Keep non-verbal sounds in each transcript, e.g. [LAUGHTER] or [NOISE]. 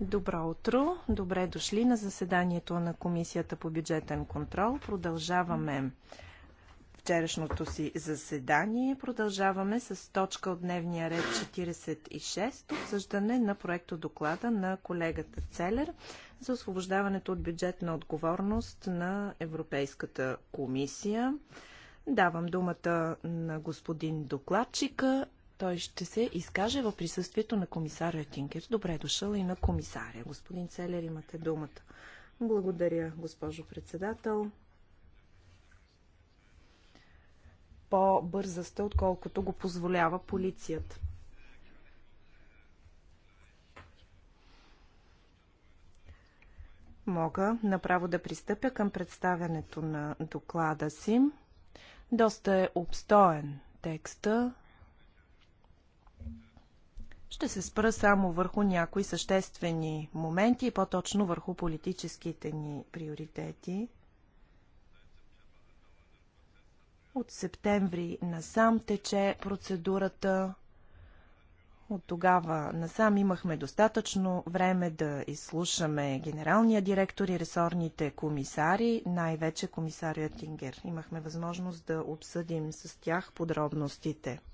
Добро утро! Добре дошли на заседанието на Комисията по бюджетен контрол. Продължаваме вчерашното си заседание. Продължаваме с точка от дневния ред 46, обсъждане на проекто доклада на колегата Целер за освобождаването от бюджетна отговорност на Европейската комисия. Давам думата на господин докладчика той ще се изкаже в присъствието на комисаря Тинкер. Добре е дошъл и на комисаря. Господин Целер, имате думата. Благодаря, госпожо председател. По-бърза сте, отколкото го позволява полицията. Мога направо да пристъпя към представянето на доклада си. Доста е обстоен текста, ще се спра само върху някои съществени моменти и по-точно върху политическите ни приоритети. От септември насам тече процедурата. От тогава насам имахме достатъчно време да изслушаме генералния директор и ресорните комисари, най-вече комисарият Тингер. Имахме възможност да обсъдим с тях подробностите –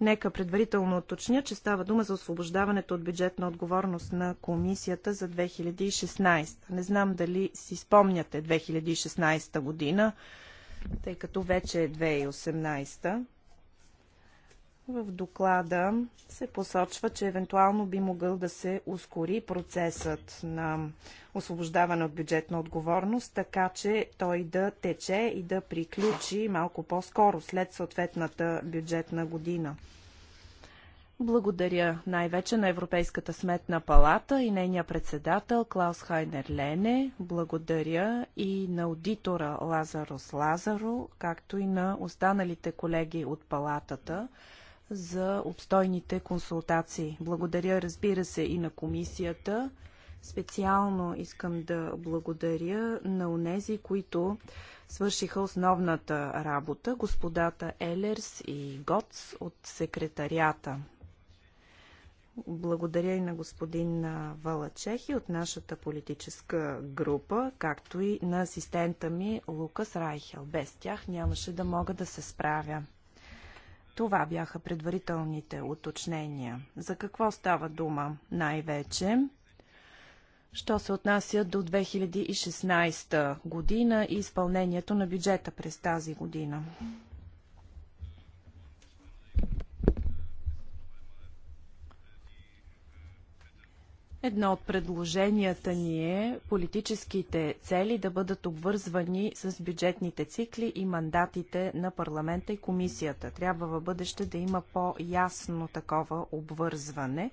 Нека предварително уточня, че става дума за освобождаването от бюджетна отговорност на комисията за 2016. Не знам дали си спомняте 2016 година, тъй като вече е 2018. В доклада се посочва, че евентуално би могъл да се ускори процесът на освобождаване от бюджетна отговорност, така че той да тече и да приключи малко по-скоро след съответната бюджетна година. Благодаря най-вече на Европейската сметна палата и нейния председател Клаус Хайнер Лене. Благодаря и на аудитора Лазарос Лазаро, както и на останалите колеги от палатата за обстойните консултации. Благодаря, разбира се, и на комисията. Специално искам да благодаря на онези, които свършиха основната работа, господата Елерс и Гоц от секретарията. Благодаря и на господин Валачехи от нашата политическа група, както и на асистента ми Лукас Райхел. Без тях нямаше да мога да се справя. Това бяха предварителните уточнения. За какво става дума най-вече? Що се отнася до 2016 година и изпълнението на бюджета през тази година? Едно от предложенията ни е политическите цели да бъдат обвързвани с бюджетните цикли и мандатите на парламента и комисията. Трябва в бъдеще да има по-ясно такова обвързване.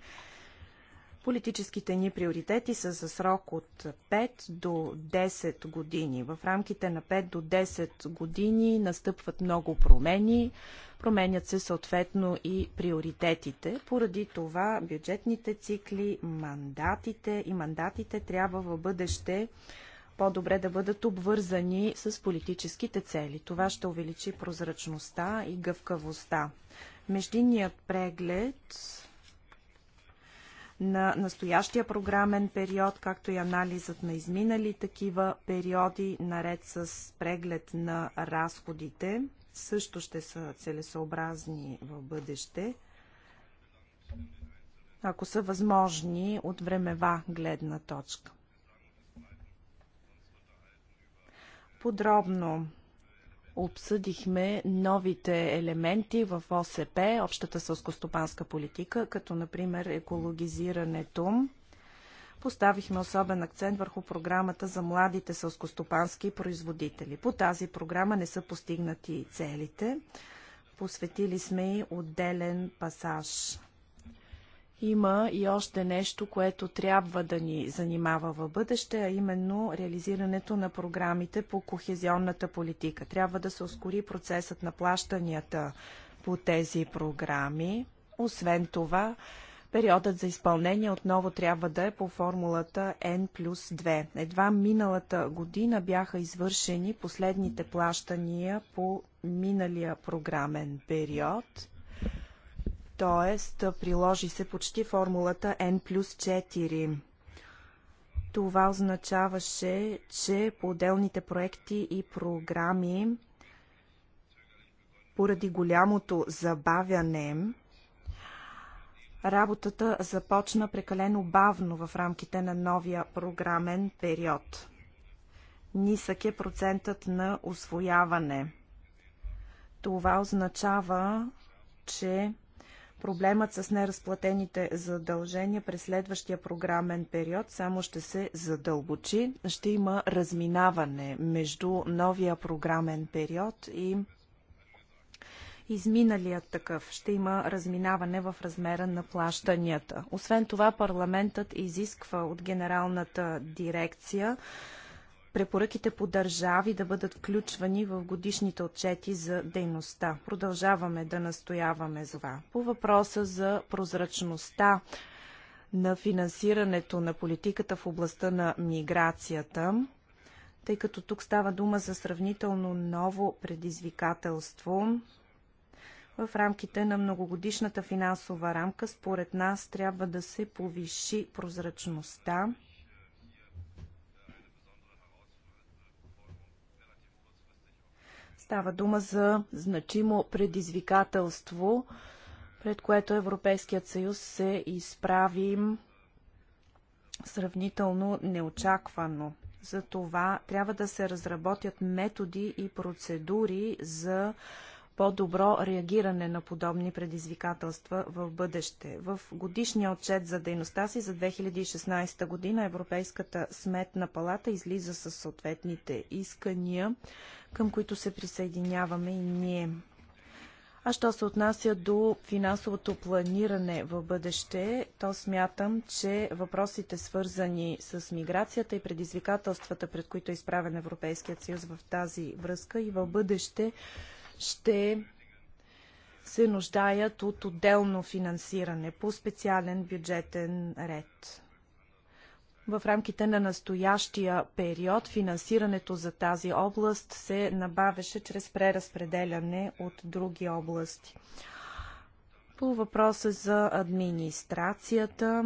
Политическите ни приоритети са за срок от 5 до 10 години. В рамките на 5 до 10 години настъпват много промени, променят се съответно и приоритетите. Поради това бюджетните цикли, мандатите и мандатите трябва в бъдеще по-добре да бъдат обвързани с политическите цели. Това ще увеличи прозрачността и гъвкавостта. Междинният преглед на настоящия програмен период, както и анализът на изминали такива периоди, наред с преглед на разходите, също ще са целесообразни в бъдеще, ако са възможни от времева гледна точка. Подробно обсъдихме новите елементи в ОСП, общата сълскостопанска политика, като например екологизирането. Поставихме особен акцент върху програмата за младите сълскостопански производители. По тази програма не са постигнати целите. Посветили сме и отделен пасаж има и още нещо, което трябва да ни занимава в бъдеще, а именно реализирането на програмите по кохезионната политика. Трябва да се ускори процесът на плащанията по тези програми. Освен това, Периодът за изпълнение отново трябва да е по формулата N плюс 2. Едва миналата година бяха извършени последните плащания по миналия програмен период т.е. приложи се почти формулата N плюс 4. Това означаваше, че по отделните проекти и програми, поради голямото забавяне, работата започна прекалено бавно в рамките на новия програмен период. Нисък е процентът на освояване. Това означава, че проблемът с неразплатените задължения през следващия програмен период само ще се задълбочи. Ще има разминаване между новия програмен период и изминалият такъв. Ще има разминаване в размера на плащанията. Освен това, парламентът изисква от генералната дирекция препоръките по държави да бъдат включвани в годишните отчети за дейността. Продължаваме да настояваме за това. По въпроса за прозрачността на финансирането на политиката в областта на миграцията, тъй като тук става дума за сравнително ново предизвикателство, в рамките на многогодишната финансова рамка, според нас, трябва да се повиши прозрачността Става дума за значимо предизвикателство, пред което Европейският съюз се изправи сравнително неочаквано. За това трябва да се разработят методи и процедури за по-добро реагиране на подобни предизвикателства в бъдеще. В годишния отчет за дейността си за 2016 година Европейската сметна палата излиза с съответните искания, към които се присъединяваме и ние. А що се отнася до финансовото планиране в бъдеще, то смятам, че въпросите свързани с миграцията и предизвикателствата, пред които е изправен Европейският съюз в тази връзка и в бъдеще ще се нуждаят от отделно финансиране по специален бюджетен ред. В рамките на настоящия период финансирането за тази област се набавеше чрез преразпределяне от други области. По въпроса за администрацията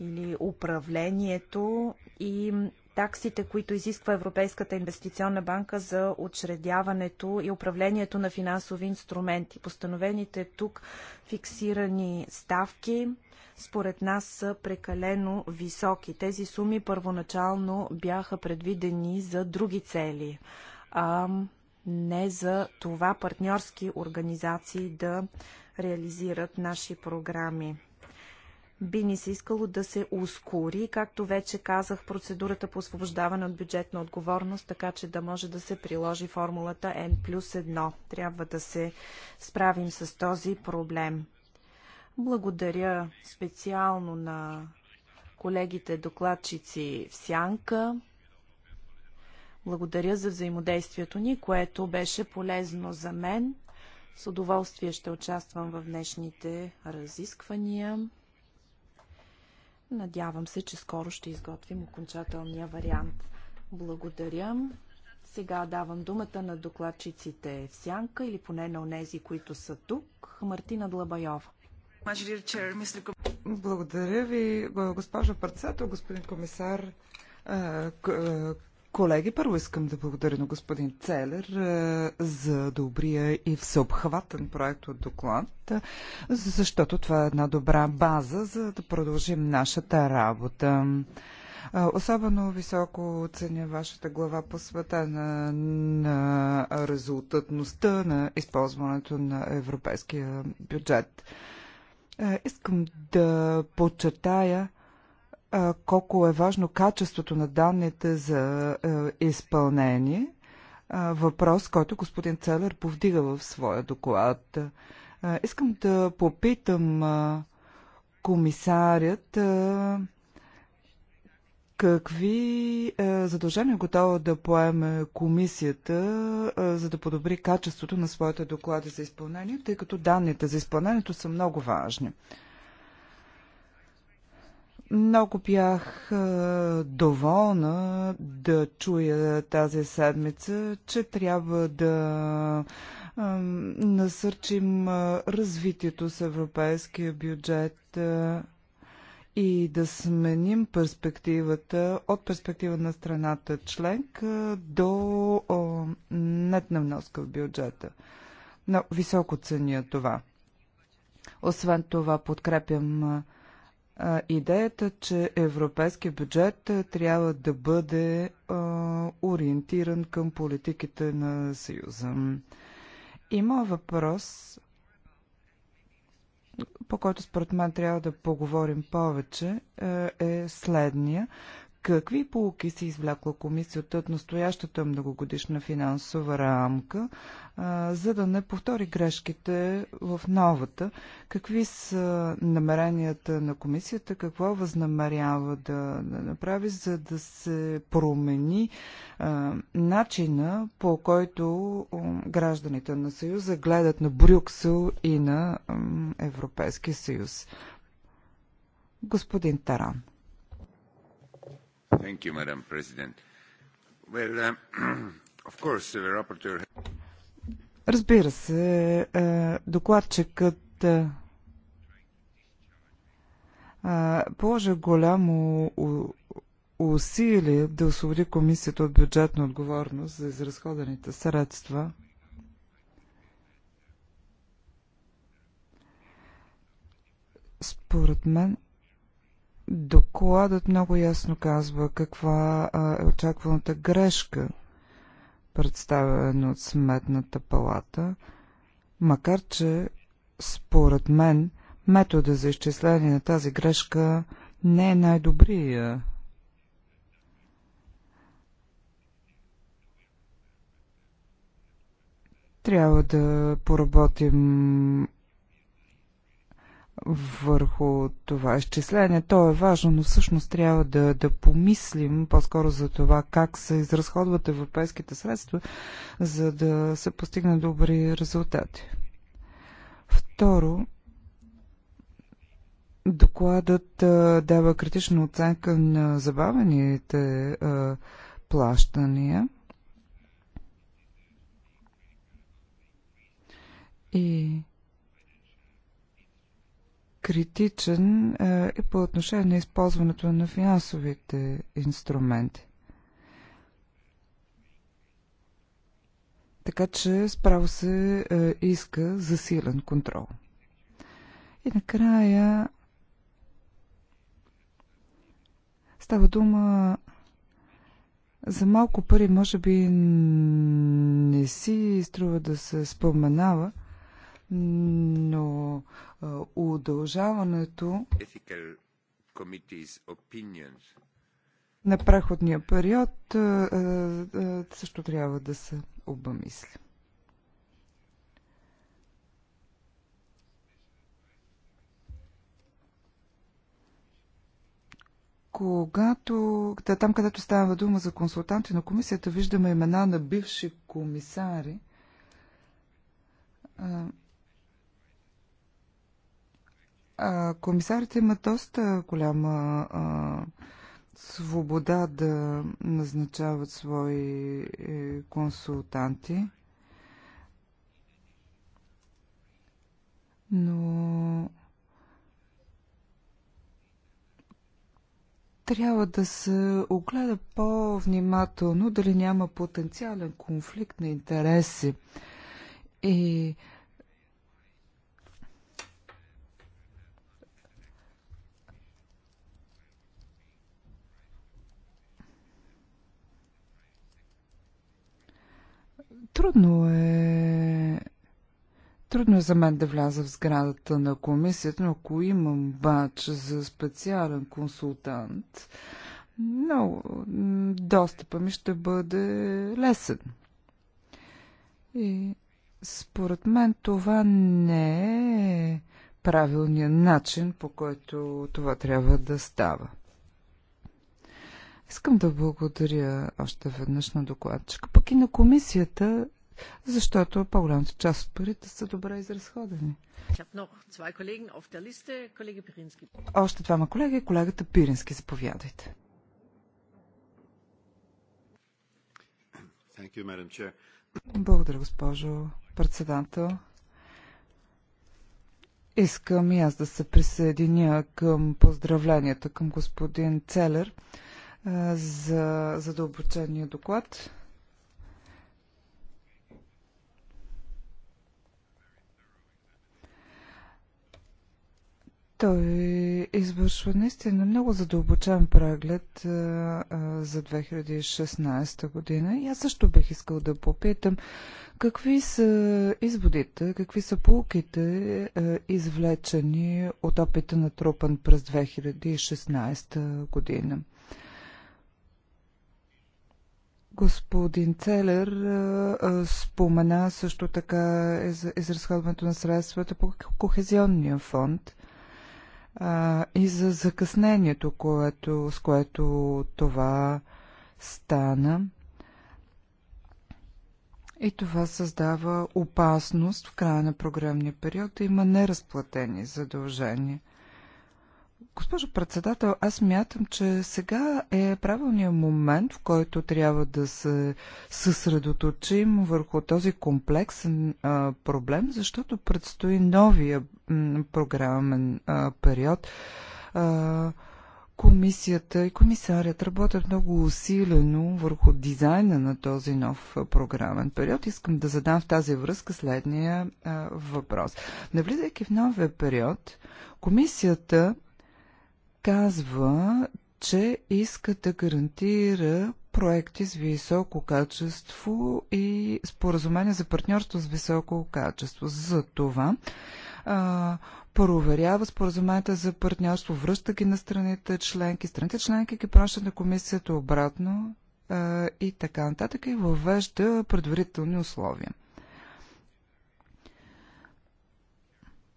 или управлението и таксите, които изисква Европейската инвестиционна банка за учредяването и управлението на финансови инструменти. Постановените тук фиксирани ставки според нас са прекалено високи. Тези суми първоначално бяха предвидени за други цели, а не за това партньорски организации да реализират наши програми би ни се искало да се ускори, както вече казах, процедурата по освобождаване от бюджетна отговорност, така че да може да се приложи формулата N плюс 1. Трябва да се справим с този проблем. Благодаря специално на колегите докладчици в Сянка. Благодаря за взаимодействието ни, което беше полезно за мен. С удоволствие ще участвам в днешните разисквания. Надявам се, че скоро ще изготвим окончателния вариант. Благодаря. Сега давам думата на докладчиците в сянка или поне на онези, които са тук. Мартина Длабайова. Благодаря ви, госпожо председател, господин комисар, Колеги, първо искам да благодаря на господин Целер е, за добрия и всеобхватен проект от доклад, е, защото това е една добра база, за да продължим нашата работа. Е, особено високо оценя вашата глава посветена на резултатността на използването на европейския бюджет. Искам да подчертая, колко е важно качеството на данните за изпълнение. Въпрос, който господин Целер повдига в своя доклад. Искам да попитам комисарят какви задължения е готова да поеме комисията, за да подобри качеството на своите доклади за изпълнение, тъй като данните за изпълнението са много важни. Много бях доволна да чуя тази седмица, че трябва да насърчим развитието с европейския бюджет и да сменим перспективата от перспектива на страната членка до о, нетна вноска в бюджета. Но високо ценя това. Освен това подкрепям идеята, че европейския бюджет трябва да бъде ориентиран към политиките на Съюза. Има въпрос, по който според мен трябва да поговорим повече, е, е следния. Какви полуки си извлякла комисията от настоящата многогодишна финансова рамка, а, за да не повтори грешките в новата? Какви са намеренията на комисията? Какво възнамерява да, да направи, за да се промени а, начина по който гражданите на Съюза гледат на Брюксел и на Европейския съюз? Господин Таран. Madam President. Uh, [CLEARS THROAT] Разбира се, е, докладчикът е, е, положи голямо усилие да освободи комисията от бюджетна отговорност за изразходените средства. Според мен, Докладът много ясно казва каква е очакваната грешка, представена от Сметната палата, макар че, според мен, метода за изчисление на тази грешка не е най-добрия. Трябва да поработим върху това изчисление. То е важно, но всъщност трябва да, да помислим по-скоро за това как се изразходват европейските средства, за да се постигне добри резултати. Второ, докладът а, дава критична оценка на забавените а, плащания. И критичен е, и по отношение на използването на финансовите инструменти. Така че справо се е, иска засилен контрол. И накрая става дума за малко пари, може би не си струва да се споменава, но удължаването на преходния период също трябва да се обмисли. когато, там където става дума за консултанти на комисията, виждаме имена на бивши комисари комисарите имат доста голяма а, свобода да назначават свои е, консултанти. Но трябва да се огледа по-внимателно дали няма потенциален конфликт на интереси. И Трудно е Трудно е за мен да вляза в сградата на комисията, но ако имам бач за специален консултант, много достъпа ми ще бъде лесен. И според мен това не е правилният начин, по който това трябва да става. Искам да благодаря още веднъж на докладчика, пък и на комисията, защото по-голямата част от парите са добре изразходени. Още двама колеги, колегата Пирински, заповядайте. Благодаря, госпожо председател. Искам и аз да се присъединя към поздравленията към господин Целер за задълбочения доклад. Той извършва наистина много задълбочен преглед а, а, за 2016 година. И аз също бих искал да попитам какви са изводите, какви са полуките а, извлечени от опита на трупан през 2016 година. Господин Целер спомена също така изразходването на средствата по Кохезионния фонд и за закъснението, което, с което това стана. И това създава опасност в края на програмния период да има неразплатени задължения. Госпожо председател, аз мятам, че сега е правилният момент, в който трябва да се съсредоточим върху този комплексен а, проблем, защото предстои новия програмен а, период. А, комисията и комисарят работят много усилено върху дизайна на този нов програмен период. Искам да задам в тази връзка следния а, въпрос. Навлизайки в новия период, комисията казва, че иска да гарантира проекти с високо качество и споразумение за партньорство с високо качество. За това а, проверява споразуменията за партньорство, връща ги на страните членки, страните членки ги пращат на комисията обратно а, и така нататък и въвежда предварителни условия.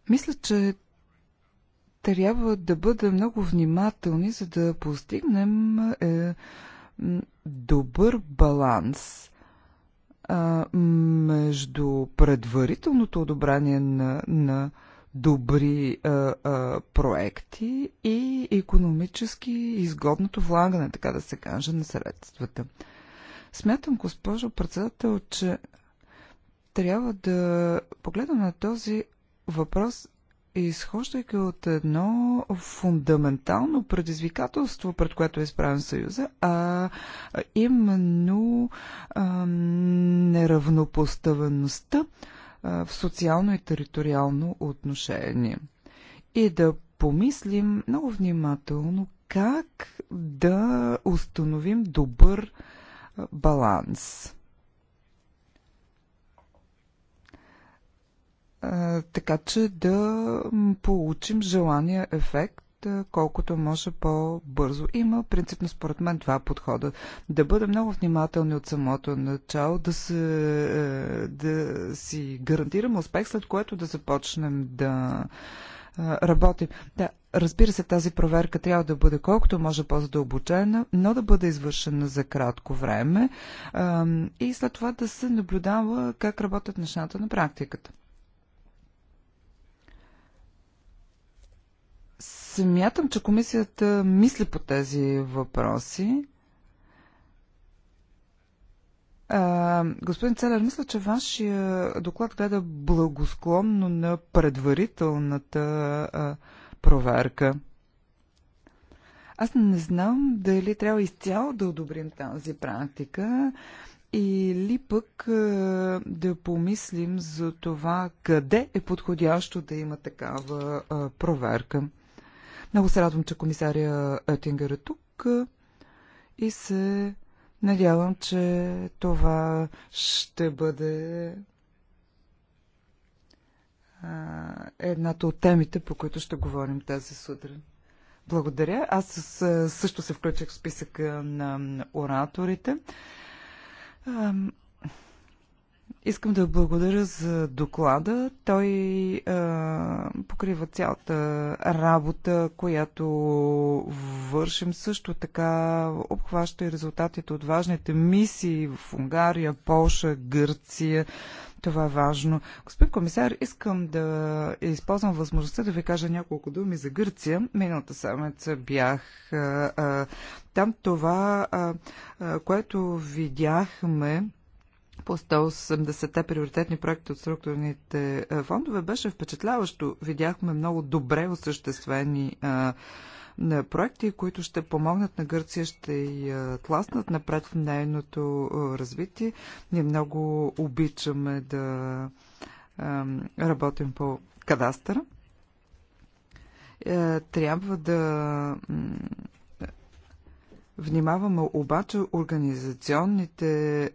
Мисля, че трябва да бъдем много внимателни, за да постигнем е, добър баланс а, между предварителното одобрение на, на добри а, а, проекти и економически изгодното влагане, така да се каже, на средствата. Смятам, госпожо председател, че трябва да погледам на този въпрос изхождайки от едно фундаментално предизвикателство, пред което е изправен Съюза, а именно а, неравнопоставеността а, в социално и териториално отношение. И да помислим много внимателно как да установим добър баланс. така че да получим желания ефект колкото може по-бързо. Има принципно според мен два подхода. Да бъдем много внимателни от самото начало, да, се, е, да си гарантираме успех, след което да започнем да работим. Да, разбира се, тази проверка трябва да бъде колкото може по-задълбочена, но да бъде извършена за кратко време и след това да се наблюдава как работят нещата на практиката. Смятам, че комисията мисли по тези въпроси. А, господин Целер, мисля, че вашия доклад гледа благосклонно на предварителната а, проверка. Аз не знам дали трябва изцяло да одобрим тази практика или пък да помислим за това къде е подходящо да има такава проверка. Много се радвам, че комисария Етингер е тук и се надявам, че това ще бъде едната от темите, по които ще говорим тази сутрин. Благодаря. Аз също се включих в списъка на ораторите. Искам да благодаря за доклада. Той а, покрива цялата работа, която вършим. Също така обхваща и резултатите от важните мисии в Унгария, Полша, Гърция. Това е важно. Господин комисар, искам да използвам възможността да ви кажа няколко думи за Гърция. Миналата седмица бях а, а, там. Това, а, а, което видяхме, по 180-те приоритетни проекти от структурните фондове беше впечатляващо. Видяхме много добре осъществени на проекти, които ще помогнат на Гърция, ще я тласнат напред в нейното развитие. Ние много обичаме да работим по кадастъра е, трябва да Внимаваме обаче организационните е, е,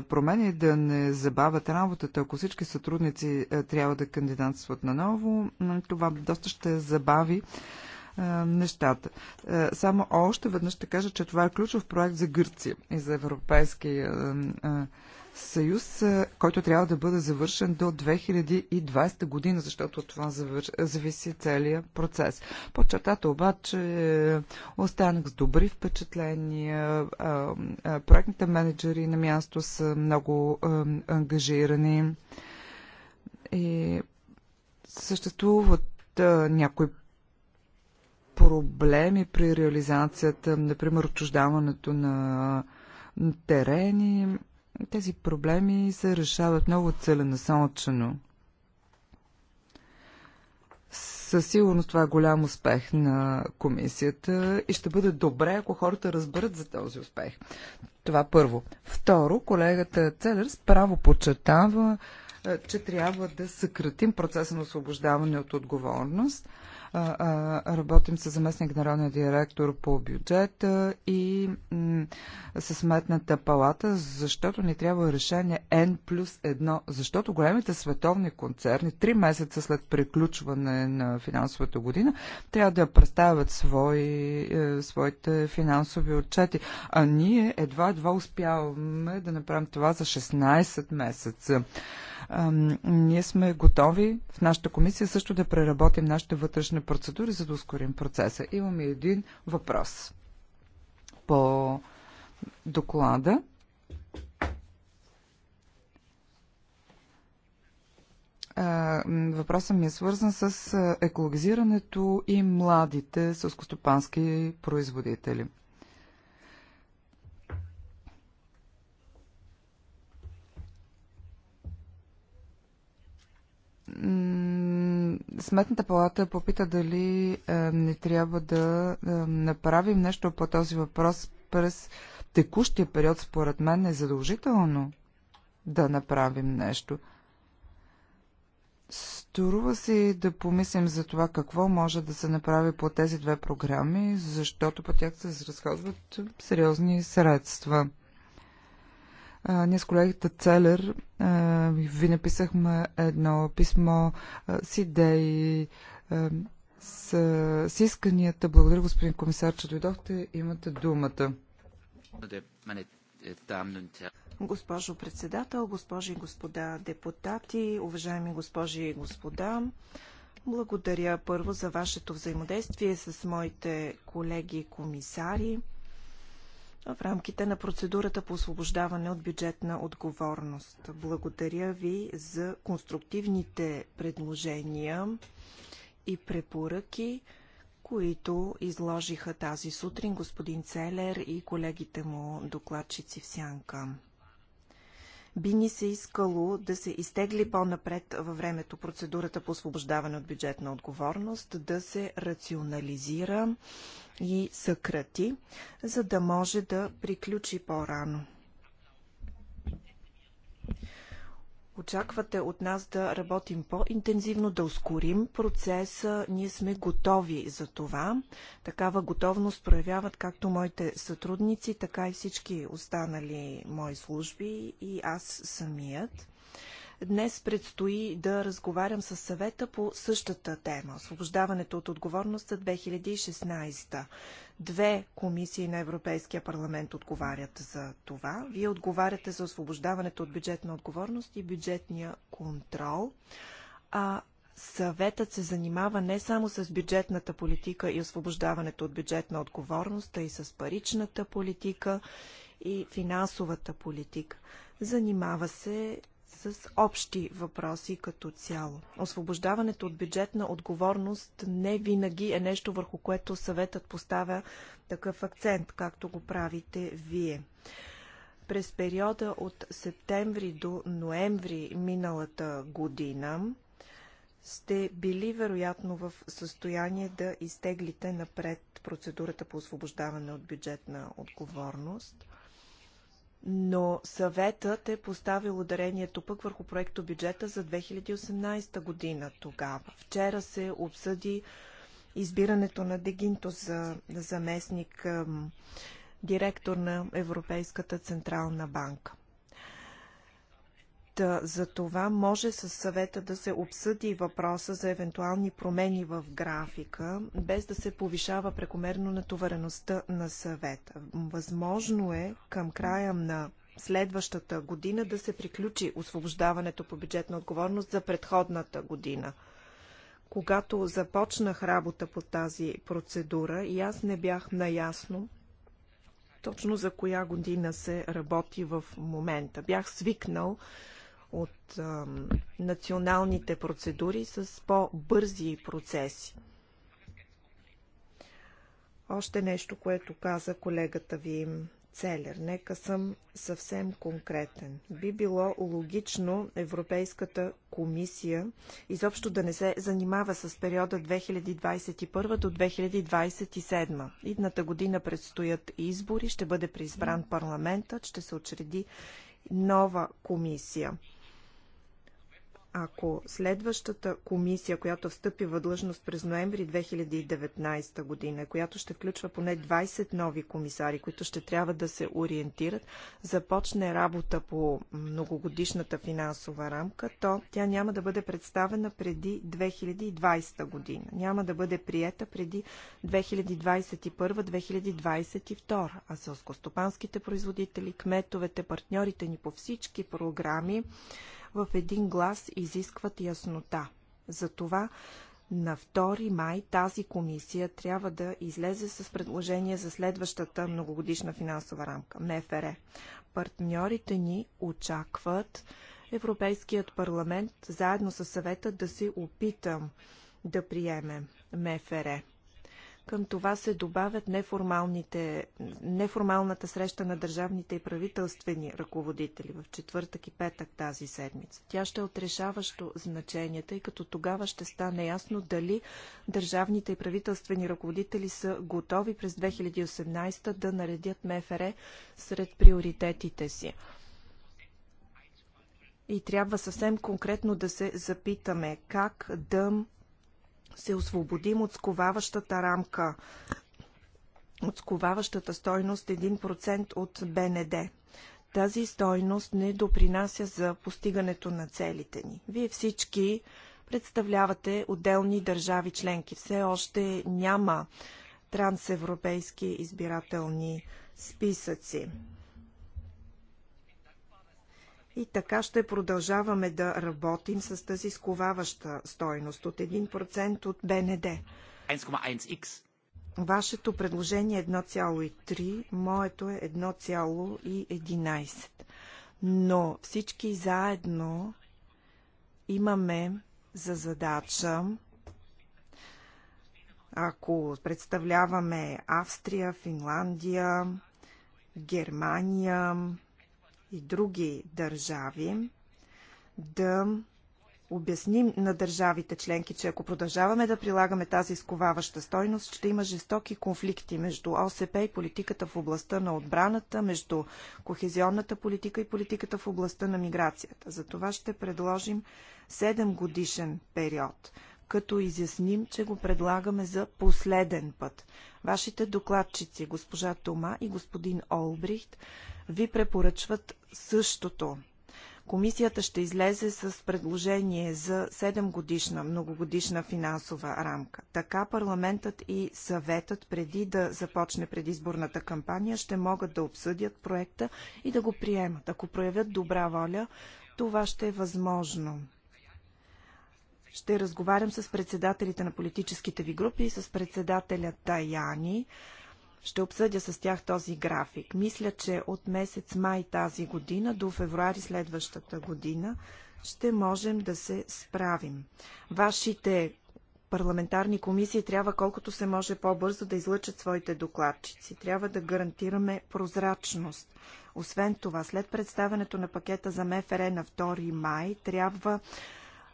промени да не забавят работата. Ако всички сътрудници е, трябва да кандидатстват наново, това доста ще забави нещата. Само още веднъж ще кажа, че това е ключов проект за Гърция и за Европейския съюз, който трябва да бъде завършен до 2020 година, защото от това зависи целият процес. Подчертата обаче останах с добри впечатления. Проектните менеджери на място са много ангажирани и съществуват някои проблеми при реализацията, например, отчуждаването на терени, тези проблеми се решават много целенасочено. Със сигурност това е голям успех на комисията и ще бъде добре, ако хората разберат за този успех. Това първо. Второ, колегата Целерс право подчертава, е, че трябва да съкратим процеса на освобождаване от отговорност – Работим с заместник генералния директор по бюджета и с сметната палата, защото ни трябва решение N плюс 1, защото големите световни концерни, три месеца след приключване на финансовата година, трябва да представят свои, е, своите финансови отчети. А ние едва-едва успяваме да направим това за 16 месеца. Ние сме готови в нашата комисия също да преработим нашите вътрешни процедури, за да ускорим процеса. Имаме един въпрос по доклада. Въпросът ми е свързан с екологизирането и младите сълскостопански производители. Сметната палата попита дали е, не трябва да е, направим нещо по този въпрос през текущия период. Според мен е задължително да направим нещо. Струва си да помислим за това какво може да се направи по тези две програми, защото по тях се разходват сериозни средства. А, ние с колегата Целер ви написахме едно писмо с идеи, с, с исканията. Благодаря, господин комисар, че дойдохте. Имате думата. Госпожо председател, госпожи и господа депутати, уважаеми госпожи и господа, благодаря първо за вашето взаимодействие с моите колеги комисари в рамките на процедурата по освобождаване от бюджетна отговорност. Благодаря ви за конструктивните предложения и препоръки, които изложиха тази сутрин господин Целер и колегите му докладчици в Сянка би ни се искало да се изтегли по-напред във времето процедурата по освобождаване от бюджетна отговорност, да се рационализира и съкрати, за да може да приключи по-рано. Очаквате от нас да работим по-интензивно, да ускорим процеса. Ние сме готови за това. Такава готовност проявяват както моите сътрудници, така и всички останали мои служби и аз самият. Днес предстои да разговарям с съвета по същата тема – освобождаването от отговорност за 2016. Две комисии на Европейския парламент отговарят за това. Вие отговаряте за освобождаването от бюджетна отговорност и бюджетния контрол. А съветът се занимава не само с бюджетната политика и освобождаването от бюджетна отговорност, а и с паричната политика и финансовата политика. Занимава се с общи въпроси като цяло. Освобождаването от бюджетна отговорност не винаги е нещо върху което съветът поставя такъв акцент, както го правите вие. През периода от септември до ноември миналата година сте били вероятно в състояние да изтеглите напред процедурата по освобождаване от бюджетна отговорност – но съветът е поставил ударението пък върху проекто бюджета за 2018 година тогава. Вчера се обсъди избирането на Дегинто за заместник директор на Европейската централна банка за това може със съвета да се обсъди въпроса за евентуални промени в графика, без да се повишава прекомерно натовареността на съвета. Възможно е към края на следващата година да се приключи освобождаването по бюджетна отговорност за предходната година. Когато започнах работа по тази процедура и аз не бях наясно точно за коя година се работи в момента. Бях свикнал от а, националните процедури с по-бързи процеси. Още нещо, което каза колегата ви Целер. Нека съм съвсем конкретен. Би било логично Европейската комисия изобщо да не се занимава с периода 2021 до 2027. Идната година предстоят избори, ще бъде преизбран парламентът, ще се очреди нова комисия. Ако следващата комисия, която встъпи в длъжност през ноември 2019 година, която ще включва поне 20 нови комисари, които ще трябва да се ориентират, започне работа по многогодишната финансова рамка, то тя няма да бъде представена преди 2020 година. Няма да бъде приета преди 2021-2022. А селскостопанските производители, кметовете, партньорите ни по всички програми в един глас изискват яснота. Затова на 2 май тази комисия трябва да излезе с предложение за следващата многогодишна финансова рамка МФР. Партньорите ни очакват Европейският парламент заедно с съвета да се опитам да приеме МФР. Към това се добавят неформалната среща на държавните и правителствени ръководители в четвъртък и петък тази седмица. Тя ще е отрешаващо значение, тъй като тогава ще стане ясно дали държавните и правителствени ръководители са готови през 2018 да наредят МФР сред приоритетите си. И трябва съвсем конкретно да се запитаме как да се освободим от сковаващата рамка, от сковаващата стойност 1% от БНД. Тази стойност не допринася за постигането на целите ни. Вие всички представлявате отделни държави членки. Все още няма трансевропейски избирателни списъци. И така ще продължаваме да работим с тази сковаваща стойност от 1% от БНД. 1,1x. Вашето предложение е 1,3, моето е 1,11. Но всички заедно имаме за задача, ако представляваме Австрия, Финландия, Германия, и други държави да обясним на държавите членки, че ако продължаваме да прилагаме тази изковаваща стойност, ще има жестоки конфликти между ОСП и политиката в областта на отбраната, между кохезионната политика и политиката в областта на миграцията. За това ще предложим 7 годишен период, като изясним, че го предлагаме за последен път. Вашите докладчици, госпожа Тома и господин Олбрихт, ви препоръчват същото. Комисията ще излезе с предложение за 7 годишна многогодишна финансова рамка. Така парламентът и съветът преди да започне предизборната кампания ще могат да обсъдят проекта и да го приемат. Ако проявят добра воля, това ще е възможно. Ще разговарям с председателите на политическите ви групи и с председателя Таяни. Ще обсъдя с тях този график. Мисля, че от месец май тази година до февруари следващата година ще можем да се справим. Вашите парламентарни комисии трябва колкото се може по-бързо да излъчат своите докладчици. Трябва да гарантираме прозрачност. Освен това, след представянето на пакета за МФР на 2 май, трябва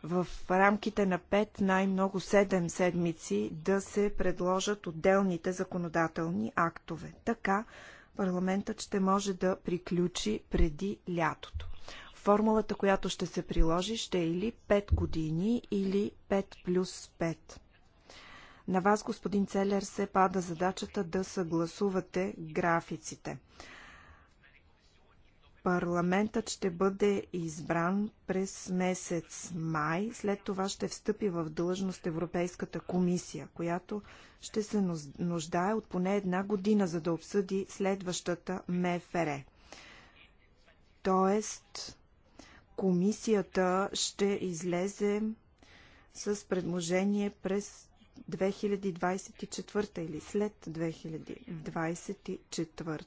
в рамките на 5, най-много 7 седмици да се предложат отделните законодателни актове. Така парламентът ще може да приключи преди лятото. Формулата, която ще се приложи, ще е или 5 години, или 5 плюс 5. На вас, господин Целер, се пада задачата да съгласувате графиците. Парламентът ще бъде избран през месец май. След това ще встъпи в длъжност Европейската комисия, която ще се нуждае от поне една година, за да обсъди следващата МФР. Тоест, комисията ще излезе с предложение през 2024 или след 2024.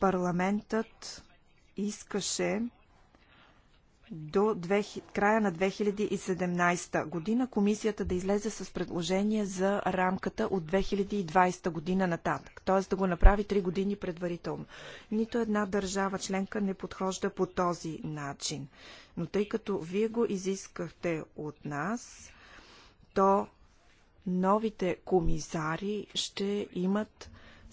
Парламентът искаше до края на 2017 година комисията да излезе с предложение за рамката от 2020 година нататък, т.е. да го направи 3 години предварително. Нито една държава членка не подхожда по този начин. Но тъй като вие го изискахте от нас, то новите комисари ще имат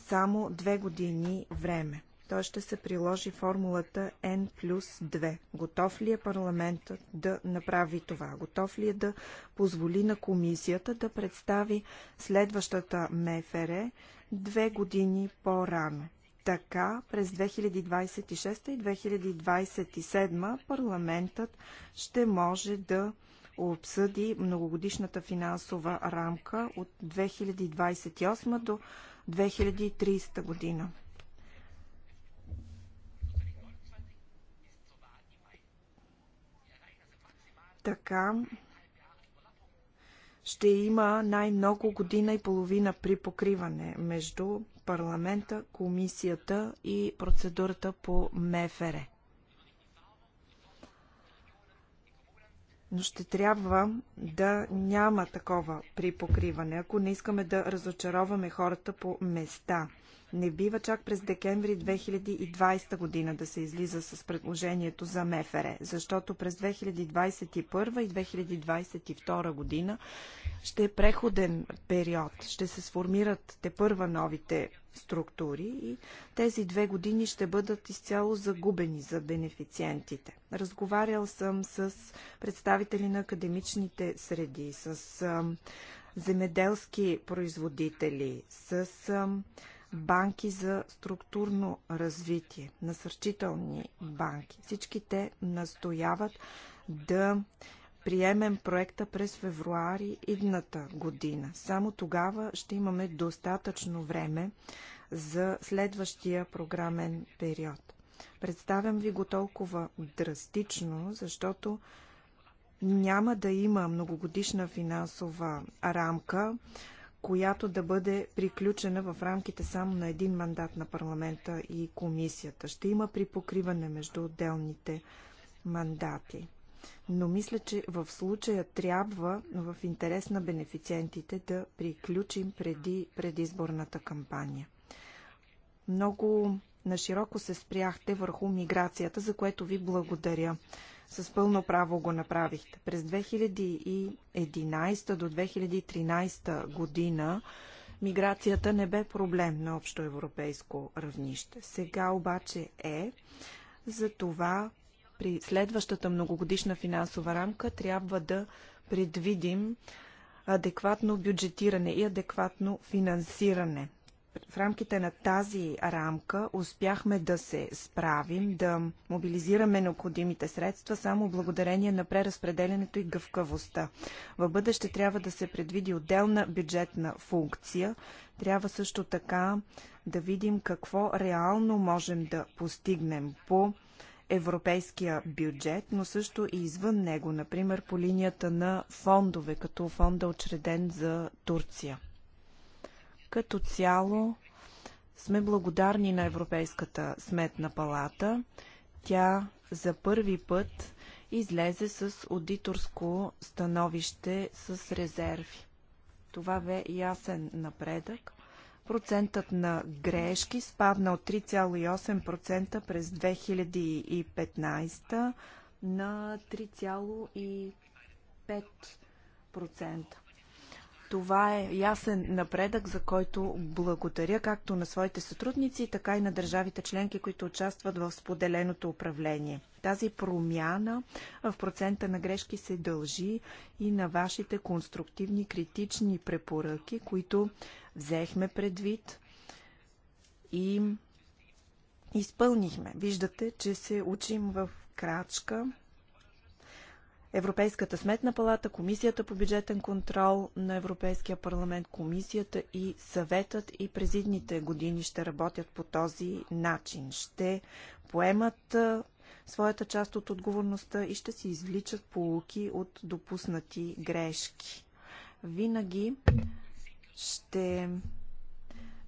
само две години време той ще се приложи формулата N плюс 2. Готов ли е парламентът да направи това? Готов ли е да позволи на комисията да представи следващата МФР две години по-рано? Така през 2026 и 2027 парламентът ще може да обсъди многогодишната финансова рамка от 2028 до 2030 година. Така ще има най-много година и половина при покриване между парламента, комисията и процедурата по МФР. но ще трябва да няма такова при покриване, ако не искаме да разочароваме хората по места. Не бива чак през декември 2020 година да се излиза с предложението за МФР, защото през 2021 и 2022 година ще е преходен период, ще се сформират те първа новите структури и тези две години ще бъдат изцяло загубени за бенефициентите. Разговарял съм с представители на академичните среди, с земеделски производители, с банки за структурно развитие, насърчителни банки. Всички те настояват да приемем проекта през февруари идната година. Само тогава ще имаме достатъчно време за следващия програмен период. Представям ви го толкова драстично, защото няма да има многогодишна финансова рамка, която да бъде приключена в рамките само на един мандат на парламента и комисията. Ще има припокриване между отделните мандати. Но мисля, че в случая трябва в интерес на бенефициентите да приключим преди предизборната кампания. Много нашироко се спряхте върху миграцията, за което ви благодаря с пълно право го направихте. През 2011 до 2013 година миграцията не бе проблем на общо европейско равнище. Сега обаче е. За това при следващата многогодишна финансова рамка трябва да предвидим адекватно бюджетиране и адекватно финансиране в рамките на тази рамка успяхме да се справим, да мобилизираме необходимите средства само благодарение на преразпределенето и гъвкавостта. В бъдеще трябва да се предвиди отделна бюджетна функция. Трябва също така да видим какво реално можем да постигнем по европейския бюджет, но също и извън него, например по линията на фондове, като фонда учреден за Турция. Като цяло сме благодарни на Европейската сметна палата. Тя за първи път излезе с аудиторско становище с резерви. Това бе ясен напредък. Процентът на грешки спадна от 3,8% през 2015 на 3,5%. Това е ясен напредък, за който благодаря както на своите сътрудници, така и на държавите членки, които участват в споделеното управление. Тази промяна в процента на грешки се дължи и на вашите конструктивни критични препоръки, които взехме предвид и изпълнихме. Виждате, че се учим в крачка Европейската сметна палата, Комисията по бюджетен контрол на Европейския парламент, Комисията и съветът и президните години ще работят по този начин. Ще поемат своята част от отговорността и ще си извличат полуки от допуснати грешки. Винаги ще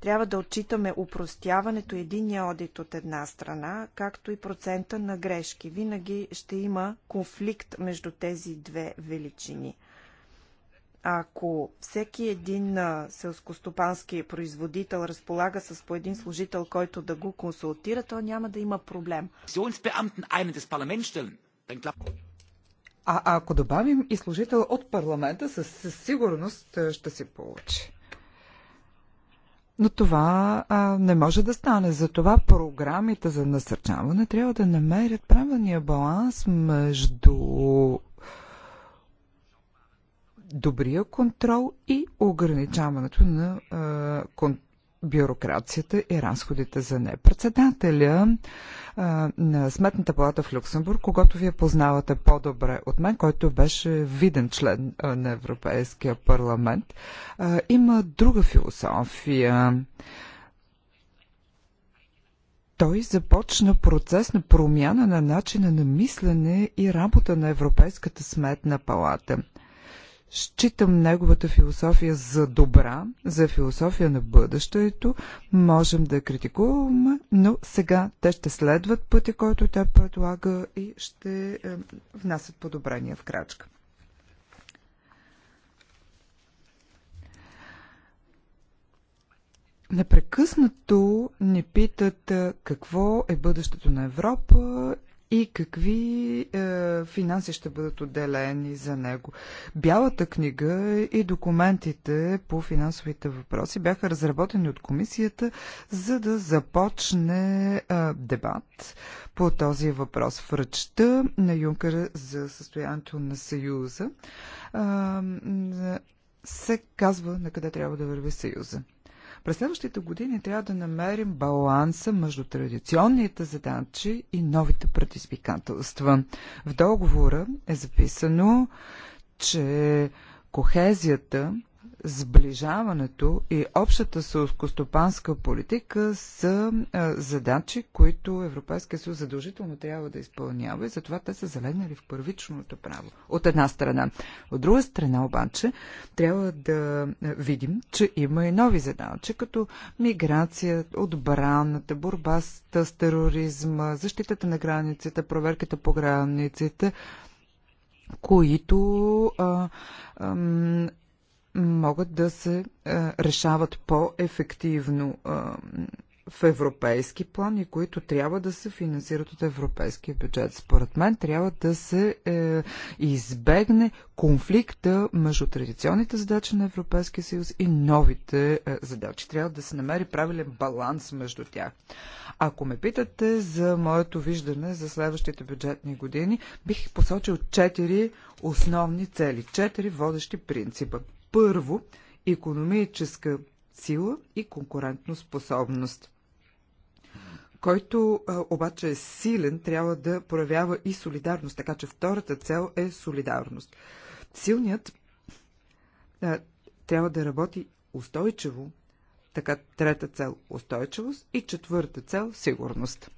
трябва да отчитаме упростяването и единия одит от една страна, както и процента на грешки. Винаги ще има конфликт между тези две величини – ако всеки един селскостопански производител разполага с по един служител, който да го консултира, то няма да има проблем. А ако добавим и служител от парламента, със, сигурност ще се получи. Но това а, не може да стане. Затова програмите за насърчаване трябва да намерят правилния баланс между добрия контрол и ограничаването на а, контрол бюрокрацията и разходите за нея. Председателя на Сметната палата в Люксембург, когато вие познавате по-добре от мен, който беше виден член на Европейския парламент, има друга философия. Той започна процес на промяна на начина на мислене и работа на Европейската сметна палата – Считам неговата философия за добра, за философия на бъдещето. Можем да критикуваме, но сега те ще следват пътя, който тя предлага и ще е, внасят подобрения в крачка. Непрекъснато ни питат е, какво е бъдещето на Европа и какви е, финанси ще бъдат отделени за него. Бялата книга и документите по финансовите въпроси бяха разработени от комисията, за да започне е, дебат по този въпрос в ръчта на Юнкър за състоянието на Съюза. Е, се казва на къде трябва да върви Съюза. През следващите години трябва да намерим баланса между традиционните задачи и новите предизвикателства. В договора е записано, че кохезията сближаването и общата селскостопанска политика са задачи, които Европейския съюз задължително трябва да изпълнява и затова те са залегнали в първичното право. От една страна. От друга страна обаче трябва да видим, че има и нови задачи, като миграция, отбраната, борба с тероризма, защитата на границите, проверката по границите, които а, а, могат да се е, решават по-ефективно е, в европейски план и които трябва да се финансират от европейския бюджет. Според мен трябва да се е, избегне конфликта между традиционните задачи на Европейския съюз и новите е, задачи. Трябва да се намери правилен баланс между тях. Ако ме питате за моето виждане за следващите бюджетни години, бих посочил четири основни цели, четири водещи принципа. Първо, економическа сила и конкурентоспособност. Който а, обаче е силен, трябва да проявява и солидарност, така че втората цел е солидарност. Силният а, трябва да работи устойчиво, така трета цел – устойчивост и четвърта цел – сигурност.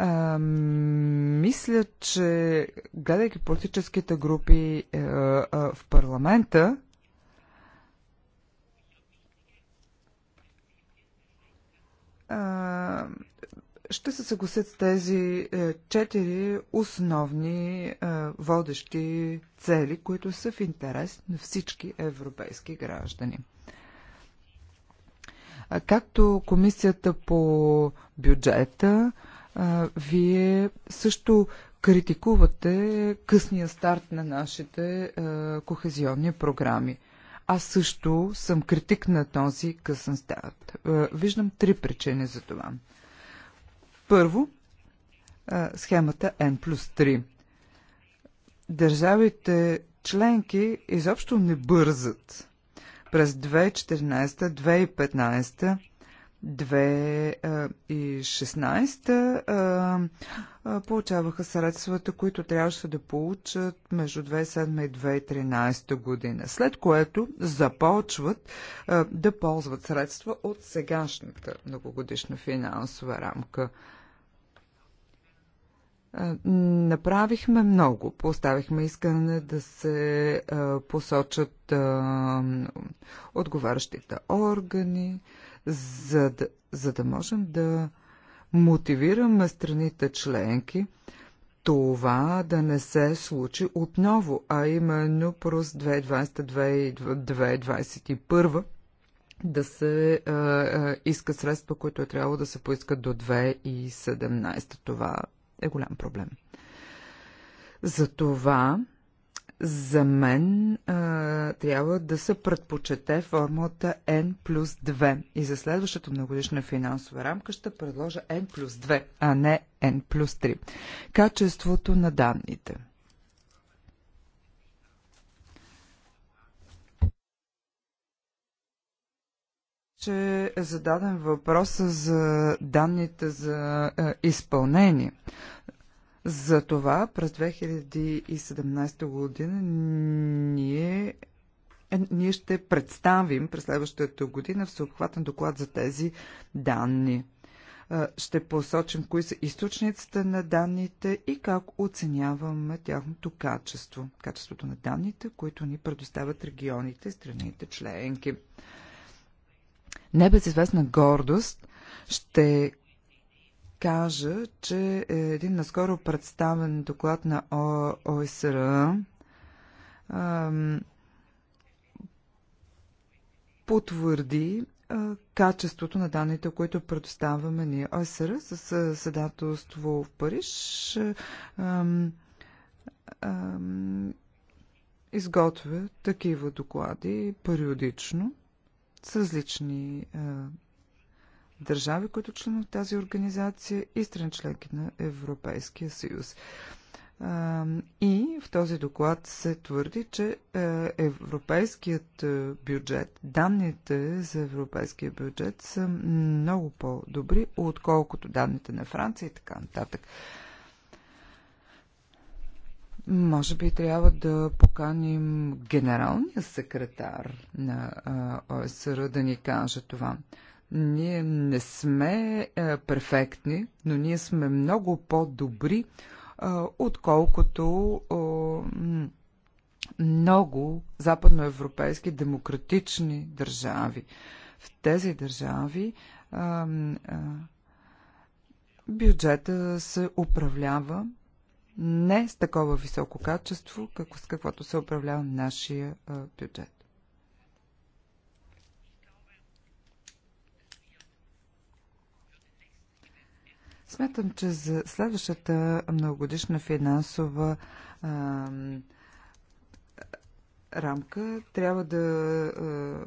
А, мисля, че гледайки политическите групи е, а, а, в парламента, а, ще се съгласят с тези е, четири основни е, водещи цели, които са в интерес на всички европейски граждани. Както комисията по бюджета, вие също критикувате късния старт на нашите кохезионни програми. Аз също съм критик на този късен старт. Виждам три причини за това. Първо, схемата N плюс 3. Държавите членки изобщо не бързат. През 2014-2015 2016 получаваха средствата, които трябваше да получат между 2007 и 2013 година, след което започват да ползват средства от сегашната многогодишна финансова рамка. Направихме много. Поставихме искане да се посочат отговарящите органи, за да, за да можем да мотивираме страните членки това да не се случи отново, а именно ПРОС 2020-2021 да се а, е, а, е, иска средства, които е трябвало да се поискат до 2017. Това е голям проблем. Затова за мен а, трябва да се предпочете формулата N плюс 2. И за следващата многодишна финансова рамка ще предложа N плюс 2, а не N плюс 3. Качеството на данните. че е зададен въпрос за данните за е, изпълнение. Затова през 2017 година ние е, ние ще представим през следващата година всеобхватен доклад за тези данни. Е, ще посочим кои са източниците на данните и как оценяваме тяхното качество. Качеството на данните, които ни предоставят регионите и страните членки. Небезизвестна гордост ще кажа, че е един наскоро представен доклад на ОСР потвърди качеството на данните, които предоставяме ние. ОСР с седателство в Париж изготвя такива доклади периодично с различни държави, които членуват в тази организация и страни членки на Европейския съюз. И в този доклад се твърди, че европейският бюджет, данните за европейския бюджет са много по-добри, отколкото данните на Франция и така нататък. Може би трябва да поканим генералния секретар на ОСР да ни каже това. Ние не сме е, перфектни, но ние сме много по-добри, е, отколкото е, много западноевропейски демократични държави. В тези държави а, е, а, е, бюджета се управлява не с такова високо качество, с каквото се управлява нашия а, е, бюджет. Смятам, че за следващата многогодишна финансова а, рамка трябва да а,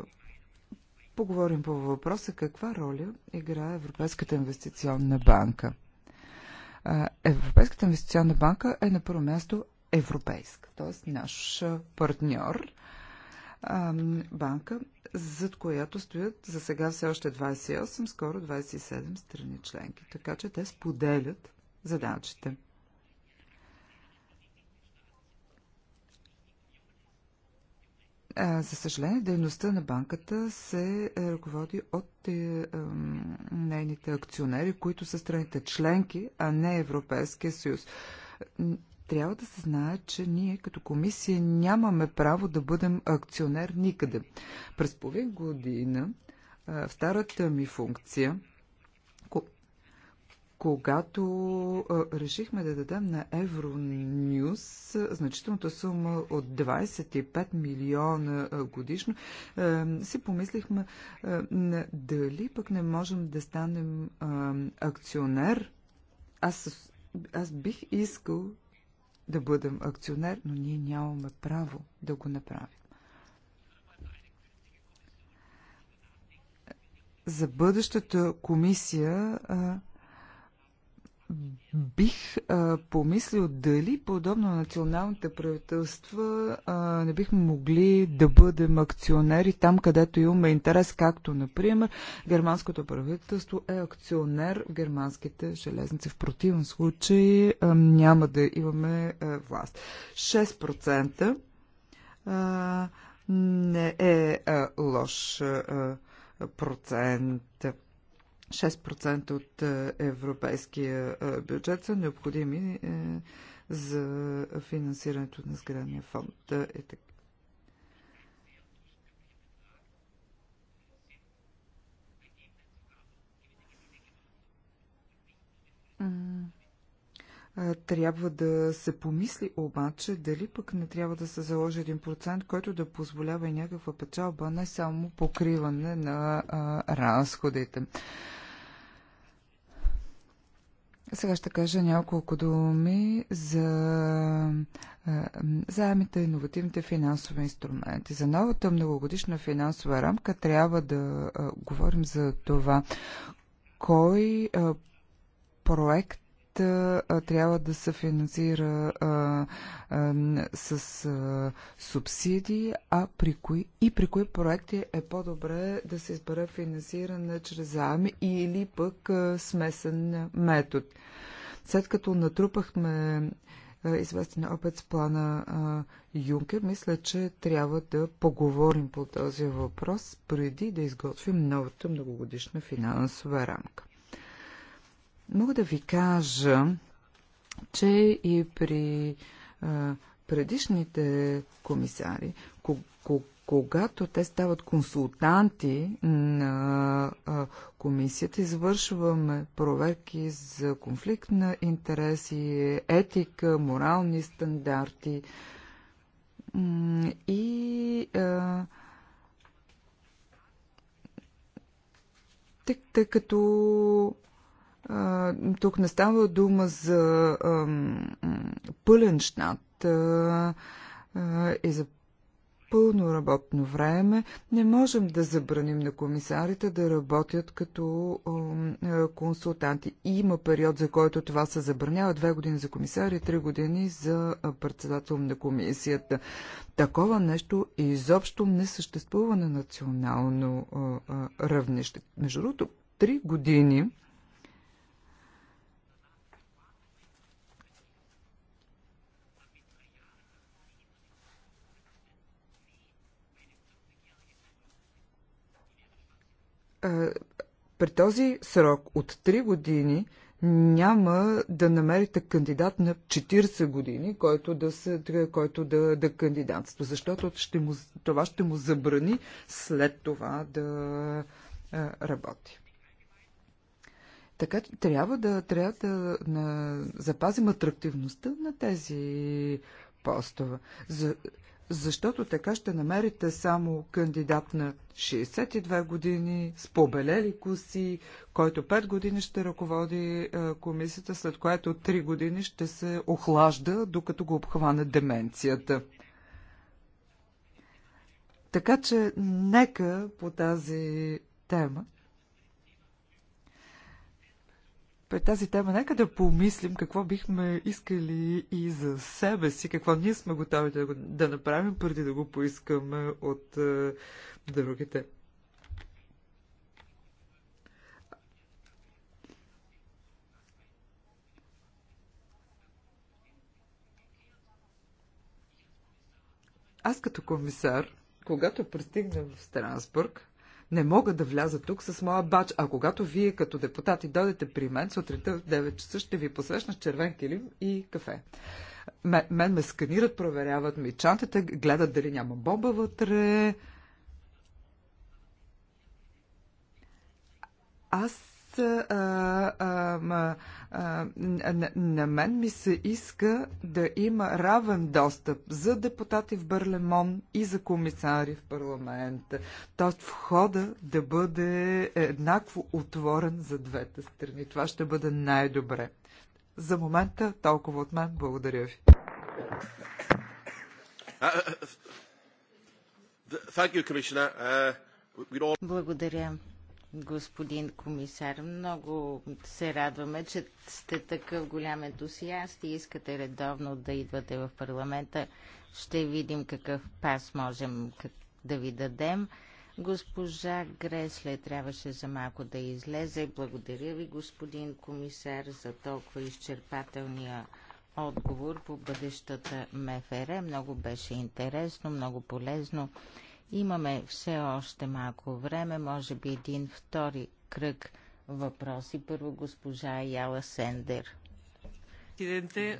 поговорим по въпроса каква роля играе Европейската инвестиционна банка. А, Европейската инвестиционна банка е на първо място европейска, т.е. наш партньор – банка, зад която стоят за сега все още 28, скоро 27 страни членки. Така че те споделят задачите. За съжаление, дейността на банката се е, ръководи от е, нейните акционери, които са страните членки, а не Европейския съюз трябва да се знае, че ние като комисия нямаме право да бъдем акционер никъде. През половин година в старата ми функция, когато решихме да дадем на Евронюс значителната сума от 25 милиона годишно, си помислихме дали пък не можем да станем акционер. Аз, аз бих искал да бъдем акционер, но ние нямаме право да го направим. За бъдещата комисия а, Бих а, помислил дали подобно на националните правителства а, не бихме могли да бъдем акционери там, където имаме интерес, както, например, германското правителство е акционер в германските железници. В противен случай а, няма да имаме а, власт. 6% а, не е а, лош а, процент 6% от е, европейския е, бюджет са необходими е, за финансирането на сградния фонд. Трябва да се помисли обаче дали пък не трябва да се заложи един процент, който да позволява и някаква печалба, не само покриване на а, разходите. Сега ще кажа няколко думи за заемите, иновативните финансови инструменти. За новата многогодишна финансова рамка трябва да говорим за това кой проект трябва да се финансира а, а, с а, субсидии, а при кои и при кои проекти е по-добре да се избере финансиране чрез заеми или пък а, смесен метод. След като натрупахме известен опит с плана а, Юнкер, мисля, че трябва да поговорим по този въпрос преди да изготвим новата многогодишна финансова рамка. Мога да ви кажа, че и при а, предишните комисари, когато те стават консултанти на а, комисията, извършваме проверки за конфликт на интереси, етика, морални стандарти и а, тъй, тъй като тук не става дума за пълен щат и за пълно работно време, не можем да забраним на комисарите да работят като консултанти. Има период, за който това се забранява. Две години за комисари, три години за председател на комисията. Такова нещо изобщо не съществува на национално равнище. Между другото, три години Е, при този срок от 3 години няма да намерите кандидат на 40 години, който да, се, който да, да кандидатства, защото ще му, това ще му забрани след това да а, е, работи. Така че трябва да, трябва да на, запазим атрактивността на тези постове. За, защото така ще намерите само кандидат на 62 години, с побелели коси, който 5 години ще ръководи е, комисията, след което 3 години ще се охлажда, докато го обхване деменцията. Така че нека по тази тема При тази тема нека да помислим какво бихме искали и за себе си, какво ние сме готови да, да направим, преди да го поискаме от е, другите. Аз като комисар, когато пристигнем в Страсбург, не мога да вляза тук с моя бач. А когато вие като депутати дойдете при мен, сутринта в 9 часа ще ви посрещна с червен килим и кафе. Мен, мен ме сканират, проверяват ми чантите, гледат дали няма боба вътре. Аз а, а, а, на мен ми се иска да има равен достъп за депутати в Берлемон и за комисари в парламента. Тоест входа да бъде еднакво отворен за двете страни. Това ще бъде най-добре. За момента толкова от мен. Благодаря ви. Uh, uh, uh, Благодаря господин комисар. Много се радваме, че сте такъв голям ентусиаст и искате редовно да идвате в парламента. Ще видим какъв пас можем да ви дадем. Госпожа Гресле трябваше за малко да излезе. Благодаря ви, господин комисар, за толкова изчерпателния отговор по бъдещата МФР. Много беше интересно, много полезно. Имаме все още малко време, може би един втори кръг въпроси. Първо госпожа Яла Сендер. Е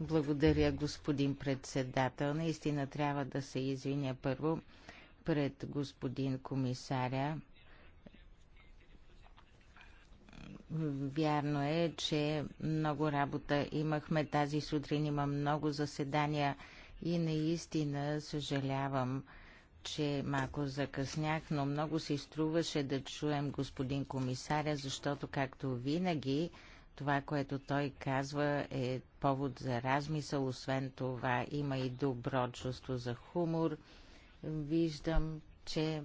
Благодаря, господин председател. Наистина трябва да се извиня първо пред господин комисаря. Вярно е, че много работа имахме тази сутрин. Има много заседания и наистина съжалявам, че малко закъснях, но много се струваше да чуем господин комисаря, защото както винаги това, което той казва е повод за размисъл. Освен това има и добро чувство за хумор. Виждам, че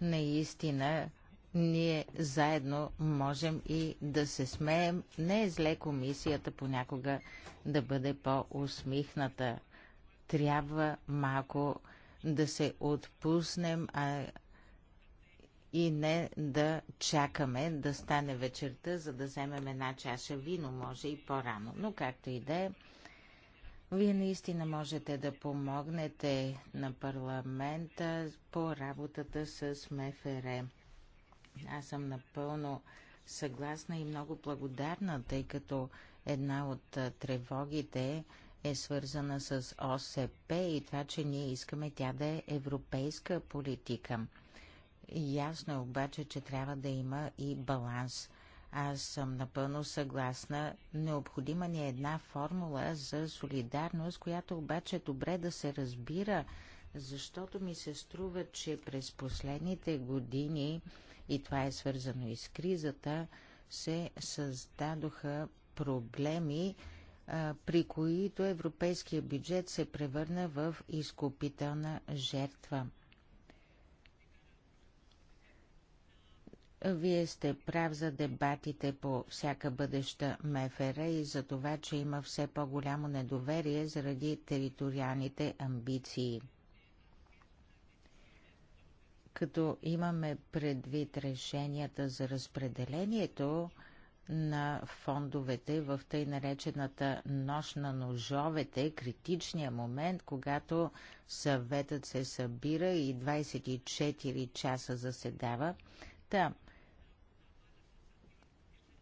наистина ние заедно можем и да се смеем. Не е зле комисията понякога да бъде по-усмихната. Трябва малко да се отпуснем, а и не да чакаме да стане вечерта, за да вземем една чаша вино, може и по-рано. Но както и да е, вие наистина можете да помогнете на парламента по работата с МФР. Аз съм напълно съгласна и много благодарна, тъй като една от тревогите е, е свързана с ОСП и това, че ние искаме тя да е европейска политика. Ясно е обаче, че трябва да има и баланс. Аз съм напълно съгласна. Необходима ни е една формула за солидарност, която обаче е добре да се разбира, защото ми се струва, че през последните години, и това е свързано и с кризата, се създадоха проблеми, при които европейския бюджет се превърна в изкупителна жертва. Вие сте прав за дебатите по всяка бъдеща МФР и за това, че има все по-голямо недоверие заради териториалните амбиции. Като имаме предвид решенията за разпределението, на фондовете в тъй наречената нощ на ножовете, критичния момент, когато съветът се събира и 24 часа заседава. Та,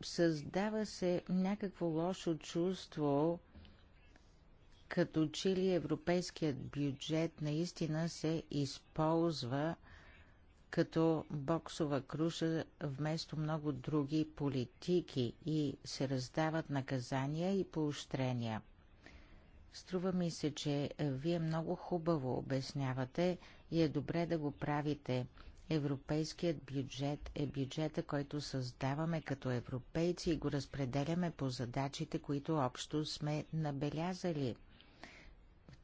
създава се някакво лошо чувство, като че ли европейският бюджет наистина се използва – като боксова круша вместо много други политики и се раздават наказания и поощрения. Струва ми се, че вие много хубаво обяснявате и е добре да го правите. Европейският бюджет е бюджета, който създаваме като европейци и го разпределяме по задачите, които общо сме набелязали.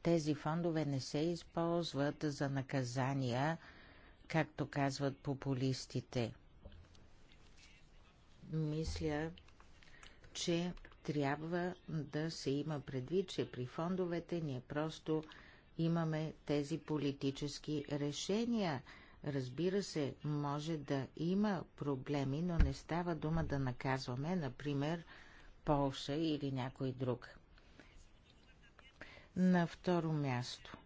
Тези фондове не се използват за наказания, както казват популистите. Мисля, че трябва да се има предвид, че при фондовете ние просто имаме тези политически решения. Разбира се, може да има проблеми, но не става дума да наказваме, например, Полша или някой друг. На второ място.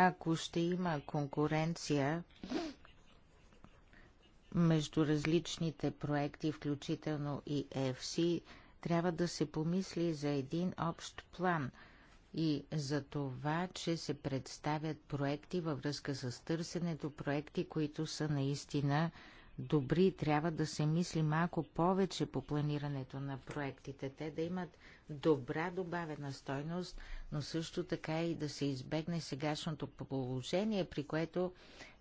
Ако ще има конкуренция между различните проекти, включително и EFC, трябва да се помисли за един общ план и за това, че се представят проекти във връзка с търсенето, проекти, които са наистина добри, трябва да се мисли малко повече по планирането на проектите. Те да имат добра добавена стойност, но също така и да се избегне сегашното положение, при което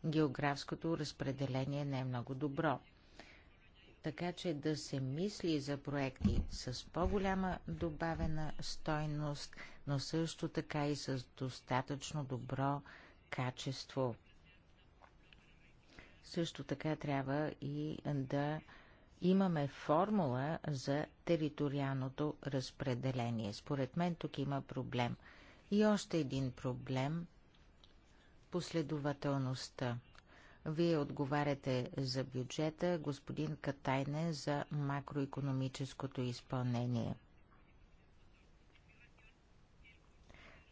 географското разпределение не е много добро. Така че да се мисли за проекти с по-голяма добавена стойност, но също така и с достатъчно добро качество – също така трябва и да имаме формула за териториалното разпределение. Според мен тук има проблем. И още един проблем – последователността. Вие отговаряте за бюджета, господин Катайне за макроекономическото изпълнение.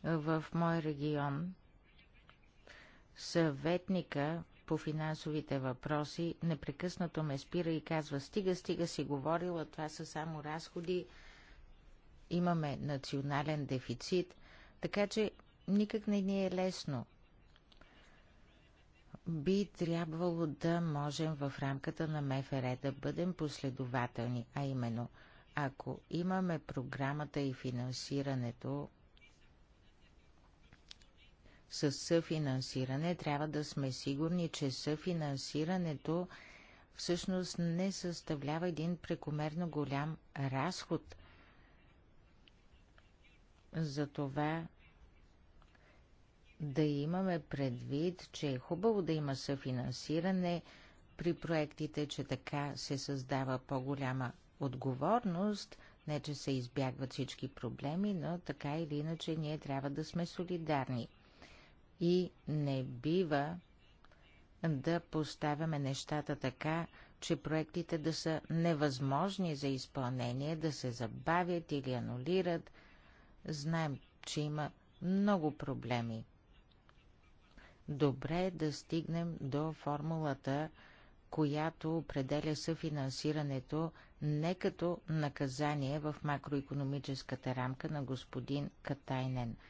В мой регион съветника по финансовите въпроси непрекъснато ме спира и казва стига, стига си говорила, това са само разходи, имаме национален дефицит, така че никак не ни е лесно. Би трябвало да можем в рамката на МФР да бъдем последователни, а именно – ако имаме програмата и финансирането с съфинансиране, трябва да сме сигурни, че съфинансирането всъщност не съставлява един прекомерно голям разход. Затова да имаме предвид, че е хубаво да има съфинансиране при проектите, че така се създава по-голяма отговорност, не че се избягват всички проблеми, но така или иначе ние трябва да сме солидарни – и не бива да поставяме нещата така, че проектите да са невъзможни за изпълнение, да се забавят или анулират. Знаем, че има много проблеми. Добре е да стигнем до формулата, която определя съфинансирането не като наказание в макроекономическата рамка на господин Катайнен –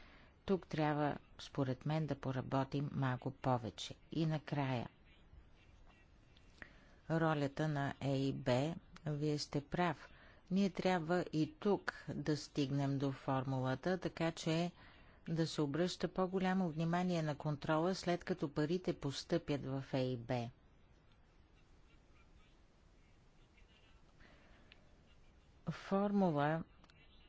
тук трябва, според мен, да поработим малко повече. И накрая. Ролята на ЕИБ, вие сте прав. Ние трябва и тук да стигнем до формулата, така че да се обръща по-голямо внимание на контрола, след като парите постъпят в ЕИБ. Формула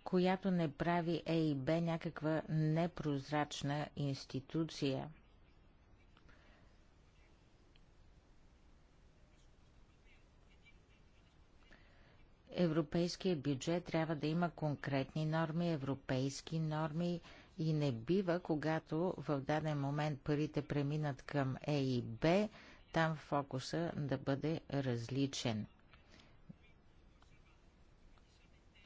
която не прави ЕИБ някаква непрозрачна институция. Европейския бюджет трябва да има конкретни норми, европейски норми и не бива, когато в даден момент парите преминат към Е и Б, там фокуса да бъде различен.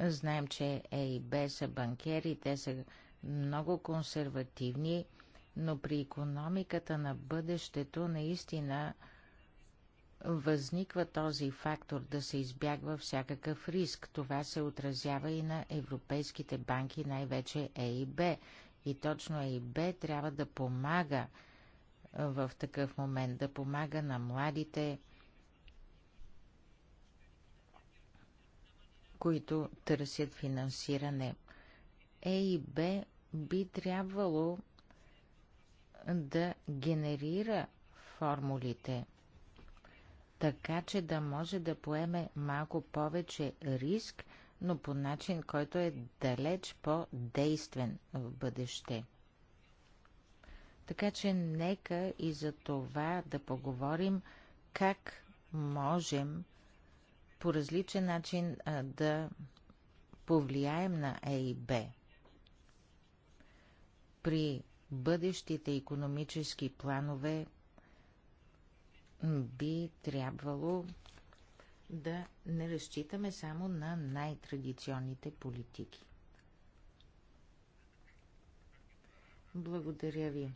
Знаем, че ЕИБ са банкери, те са много консервативни, но при економиката на бъдещето наистина възниква този фактор да се избягва всякакъв риск. Това се отразява и на европейските банки, най-вече ЕИБ. И точно ЕИБ трябва да помага в такъв момент, да помага на младите, които търсят финансиране. Е и Б би трябвало да генерира формулите, така че да може да поеме малко повече риск, но по начин, който е далеч по-действен в бъдеще. Така че нека и за това да поговорим как можем по различен начин да повлияем на А е и Б. При бъдещите економически планове би трябвало да не разчитаме само на най-традиционните политики. Благодаря ви.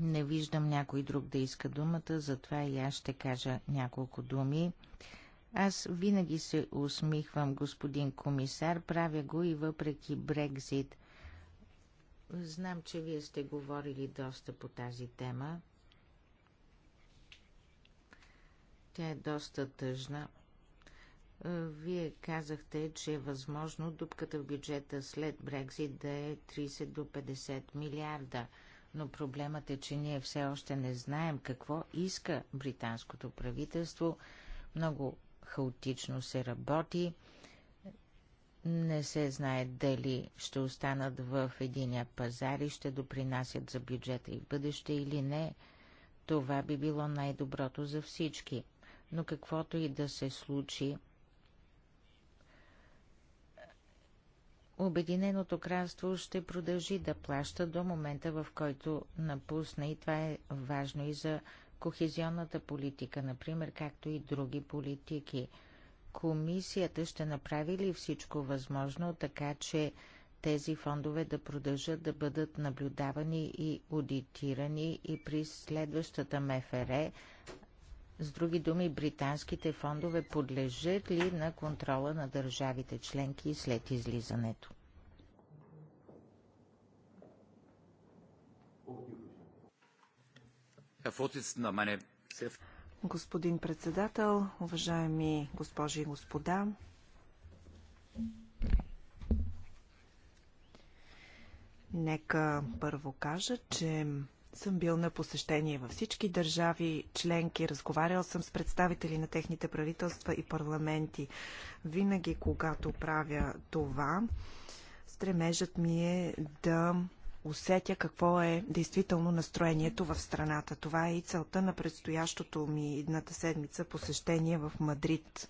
Не виждам някой друг да иска думата, затова и аз ще кажа няколко думи. Аз винаги се усмихвам, господин комисар, правя го и въпреки Брекзит. Знам, че вие сте говорили доста по тази тема. Тя е доста тъжна. Вие казахте, че е възможно дупката в бюджета след Брекзит да е 30 до 50 милиарда – но проблемът е, че ние все още не знаем какво иска британското правителство. Много хаотично се работи. Не се знае дали ще останат в единия пазар и ще допринасят за бюджета и бъдеще или не. Това би било най-доброто за всички. Но каквото и да се случи, Обединеното кралство ще продължи да плаща до момента, в който напусне и това е важно и за кохезионната политика, например, както и други политики. Комисията ще направи ли всичко възможно, така че тези фондове да продължат да бъдат наблюдавани и аудитирани и при следващата МФР с други думи, британските фондове подлежат ли на контрола на държавите членки след излизането? Господин председател, уважаеми госпожи и господа, нека първо кажа, че съм бил на посещение във всички държави членки, разговарял съм с представители на техните правителства и парламенти. Винаги, когато правя това, стремежът ми е да усетя какво е действително настроението в страната. Това е и целта на предстоящото ми едната седмица посещение в Мадрид.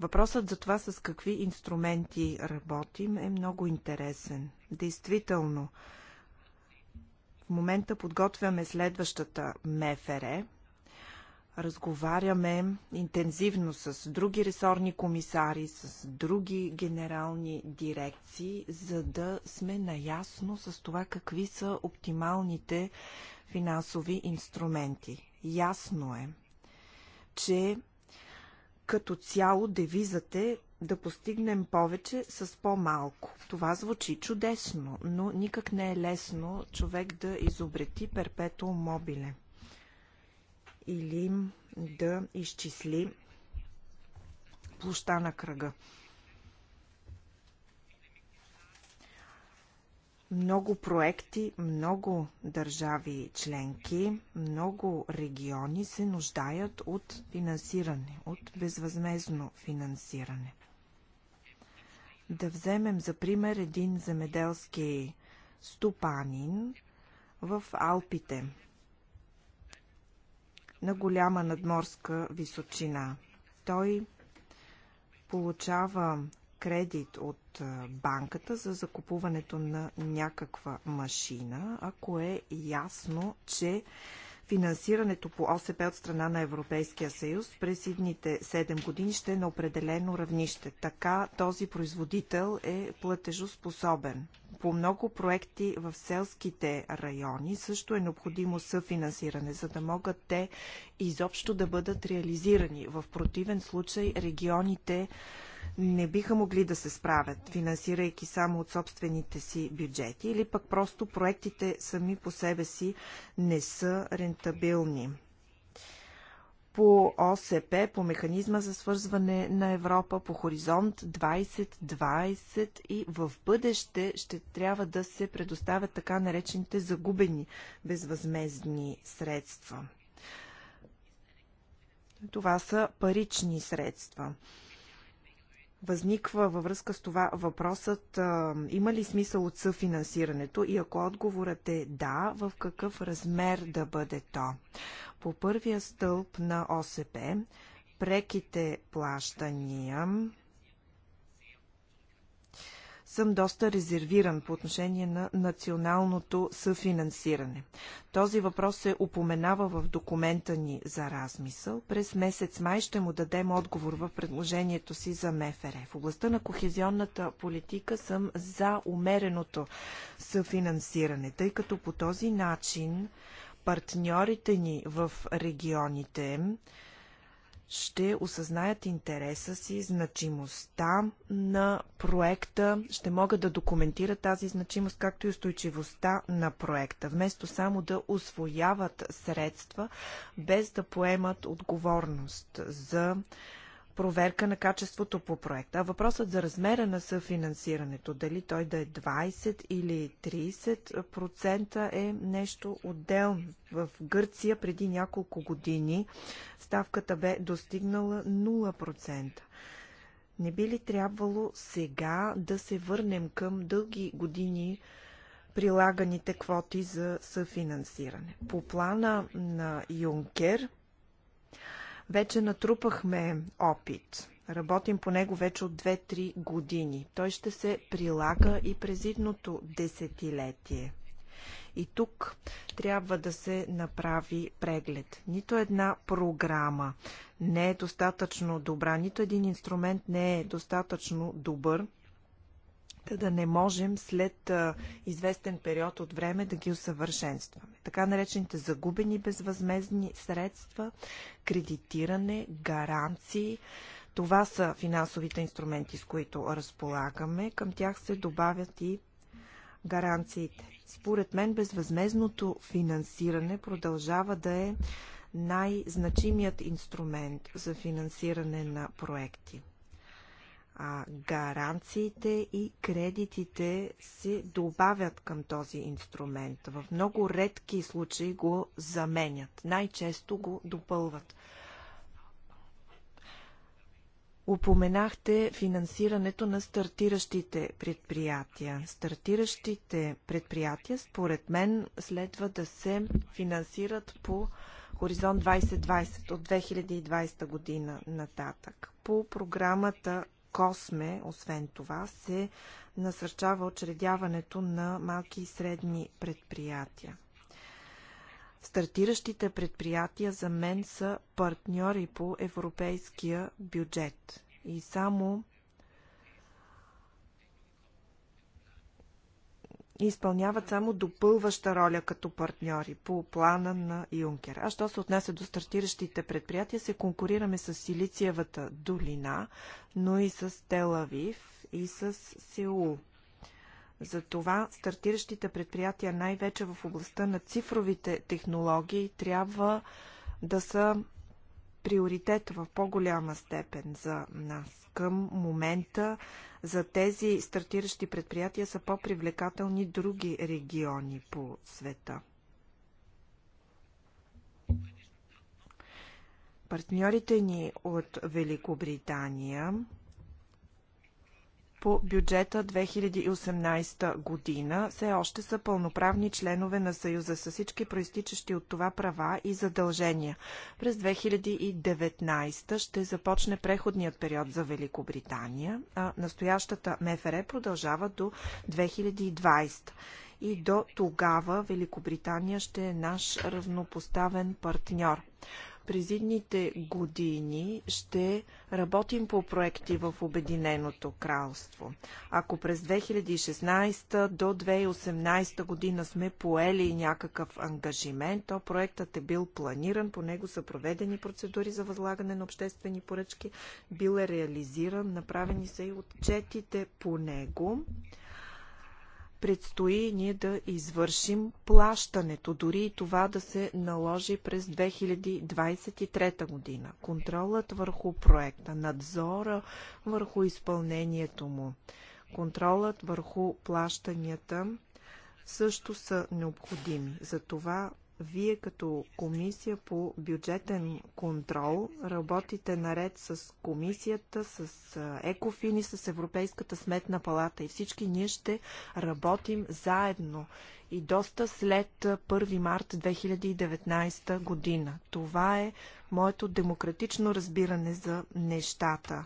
Въпросът за това с какви инструменти работим е много интересен. Действително, в момента подготвяме следващата МФР. Разговаряме интензивно с други ресорни комисари, с други генерални дирекции, за да сме наясно с това какви са оптималните финансови инструменти. Ясно е, че като цяло девизът е да постигнем повече с по-малко. Това звучи чудесно, но никак не е лесно човек да изобрети перпето мобиле или да изчисли площа на кръга. Много проекти, много държави членки, много региони се нуждаят от финансиране, от безвъзмезно финансиране. Да вземем за пример един земеделски стопанин в Алпите на голяма надморска височина. Той получава кредит от банката за закупуването на някаква машина, ако е ясно, че Финансирането по ОСП от страна на Европейския съюз през идните 7 години ще е на определено равнище. Така този производител е платежоспособен. По много проекти в селските райони също е необходимо съфинансиране, за да могат те изобщо да бъдат реализирани. В противен случай регионите не биха могли да се справят, финансирайки само от собствените си бюджети, или пък просто проектите сами по себе си не са рентабилни. По ОСП, по механизма за свързване на Европа, по хоризонт 2020 и в бъдеще ще трябва да се предоставят така наречените загубени безвъзмездни средства. Това са парични средства. Възниква във връзка с това въпросът а, има ли смисъл от съфинансирането и ако отговорът е да, в какъв размер да бъде то? По първия стълб на ОСП преките плащания съм доста резервиран по отношение на националното съфинансиране. Този въпрос се упоменава в документа ни за размисъл. През месец май ще му дадем отговор в предложението си за МФР. В областта на кохезионната политика съм за умереното съфинансиране, тъй като по този начин партньорите ни в регионите ще осъзнаят интереса си, значимостта на проекта, ще могат да документират тази значимост, както и устойчивостта на проекта, вместо само да освояват средства, без да поемат отговорност за проверка на качеството по проекта. А въпросът за размера на съфинансирането, дали той да е 20 или 30% е нещо отделно. В Гърция преди няколко години ставката бе достигнала 0%. Не би ли трябвало сега да се върнем към дълги години прилаганите квоти за съфинансиране? По плана на Юнкер вече натрупахме опит. Работим по него вече от 2-3 години. Той ще се прилага и през идното десетилетие. И тук трябва да се направи преглед. Нито една програма не е достатъчно добра, нито един инструмент не е достатъчно добър, да не можем след известен период от време да ги усъвършенстваме. Така наречените загубени безвъзмезни средства, кредитиране, гаранции. Това са финансовите инструменти, с които разполагаме. Към тях се добавят и гаранциите. Според мен безвъзмезното финансиране продължава да е най-значимият инструмент за финансиране на проекти а гаранциите и кредитите се добавят към този инструмент. В много редки случаи го заменят. Най-често го допълват. Упоменахте финансирането на стартиращите предприятия. Стартиращите предприятия, според мен, следва да се финансират по Хоризонт 2020 от 2020 година нататък по програмата Косме, освен това, се насърчава очредяването на малки и средни предприятия. Стартиращите предприятия за мен са партньори по европейския бюджет. И само и изпълняват само допълваща роля като партньори по плана на Юнкер. А що се отнася до стартиращите предприятия, се конкурираме с Силициевата долина, но и с Телавив и с Сеул. Затова стартиращите предприятия най-вече в областта на цифровите технологии трябва да са приоритет в по-голяма степен за нас към момента за тези стартиращи предприятия са по-привлекателни други региони по света. Партньорите ни от Великобритания по бюджета 2018 година все още са пълноправни членове на Съюза с всички проистичащи от това права и задължения. През 2019 ще започне преходният период за Великобритания, а настоящата МФР продължава до 2020 и до тогава Великобритания ще е наш равнопоставен партньор. През идните години ще работим по проекти в Обединеното кралство. Ако през 2016 до 2018 година сме поели някакъв ангажимент, то проектът е бил планиран, по него са проведени процедури за възлагане на обществени поръчки, бил е реализиран, направени са и отчетите по него предстои ние да извършим плащането, дори и това да се наложи през 2023 година. Контролът върху проекта, надзора върху изпълнението му, контролът върху плащанията също са необходими. Затова вие като комисия по бюджетен контрол работите наред с комисията, с ЕКОФИН и с Европейската сметна палата и всички ние ще работим заедно и доста след 1 март 2019 година. Това е моето демократично разбиране за нещата.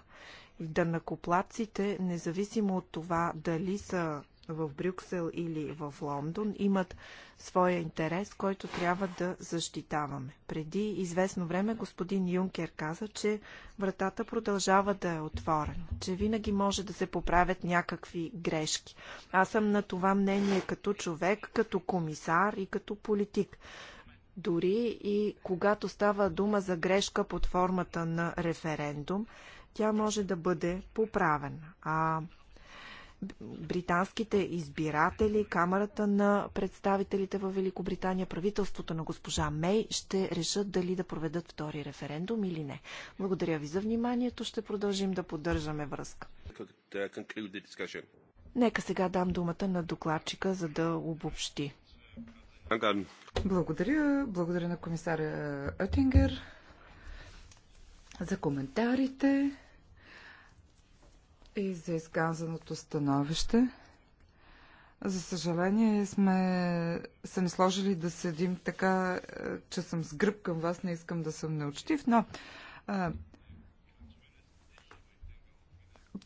И накоплаците, независимо от това дали са в Брюксел или в Лондон, имат своя интерес, който трябва да защитаваме. Преди известно време господин Юнкер каза, че вратата продължава да е отворена, че винаги може да се поправят някакви грешки. Аз съм на това мнение като човек, като комисар и като политик. Дори и когато става дума за грешка под формата на референдум, тя може да бъде поправена. А британските избиратели, Камерата на представителите в Великобритания, правителството на госпожа Мей ще решат дали да проведат втори референдум или не. Благодаря ви за вниманието. Ще продължим да поддържаме връзка. Нека сега дам думата на докладчика, за да обобщи. Благодаря. Благодаря на комисаря Оттингер за коментарите и за изказаното становище. За съжаление сме, са ми сложили да седим така, е, че съм с гръб към вас, не искам да съм неучтив, но а, е,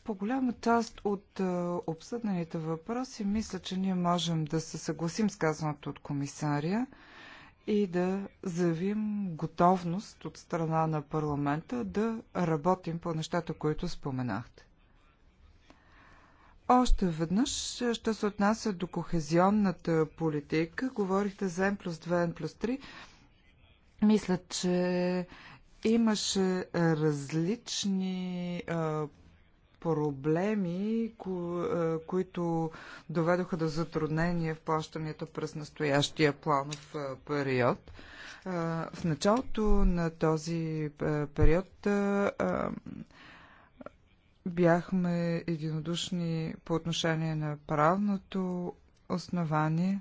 по голяма част от а, е, обсъдените въпроси мисля, че ние можем да се съгласим с казаното от комисария и да заявим готовност от страна на парламента да работим по нещата, които споменахте. Още веднъж, що се отнася до кохезионната политика, говорихте за N плюс 2, N плюс 3. Мисля, че имаше различни а, проблеми, ко, а, които доведоха до затруднения в плащането през настоящия планов а, период. А, в началото на този а, период а, бяхме единодушни по отношение на правното основание.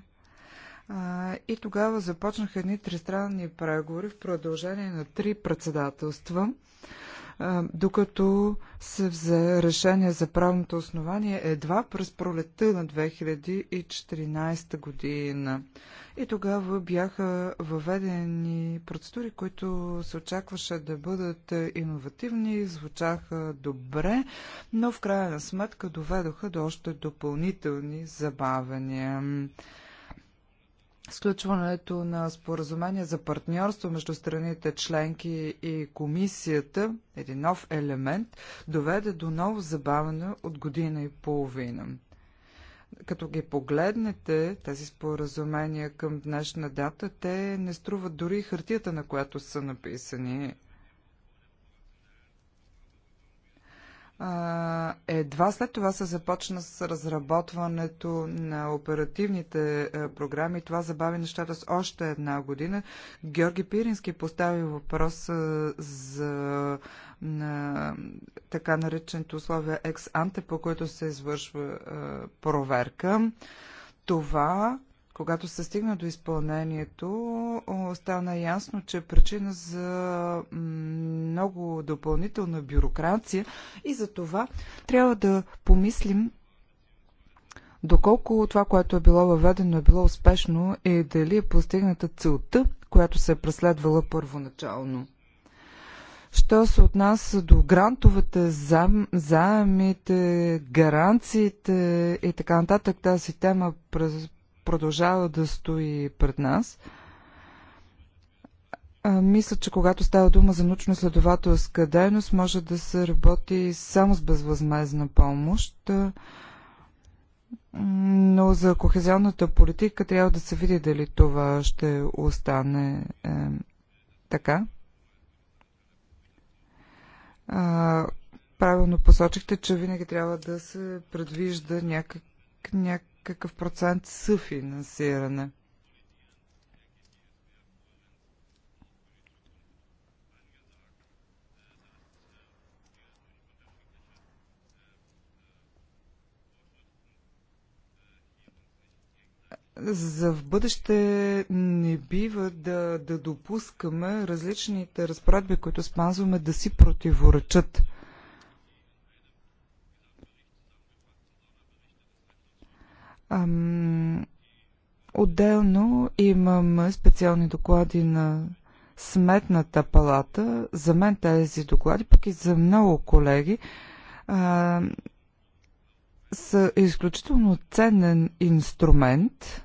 А, и тогава започнаха едни тристранни преговори в продължение на три председателства докато се взе решение за правното основание едва през пролетта на 2014 година. И тогава бяха въведени процедури, които се очакваше да бъдат иновативни, звучаха добре, но в крайна сметка доведоха до още допълнителни забавения сключването на споразумение за партньорство между страните членки и комисията, един нов елемент, доведе до ново забавяне от година и половина. Като ги погледнете, тези споразумения към днешна дата, те не струват дори хартията, на която са написани. едва след това се започна с разработването на оперативните е, програми. Това забави нещата с още една година. Георги Пирински постави въпрос е, за на така нареченото условие екс-анте, по което се извършва е, проверка. Това когато се стигна до изпълнението, стана ясно, че е причина за много допълнителна бюрокрация и за това трябва да помислим доколко това, което е било въведено, е било успешно и дали е постигната целта, която се е преследвала първоначално. Що се отнася до грантовете, заемите, гаранциите и така нататък, тази тема продължава да стои пред нас. Мисля, че когато става дума за научно-следователска дейност, може да се работи само с безвъзмезна помощ, но за кохезионната политика трябва да се види дали това ще остане е, така. А, правилно посочихте, че винаги трябва да се предвижда някак, някак какъв процент съфинансиране. за в бъдеще не бива да, да допускаме различните разпоредби, които спазваме, да си противоречат. Ам, отделно имам специални доклади на Сметната палата. За мен тези доклади, пък и за много колеги, а, са изключително ценен инструмент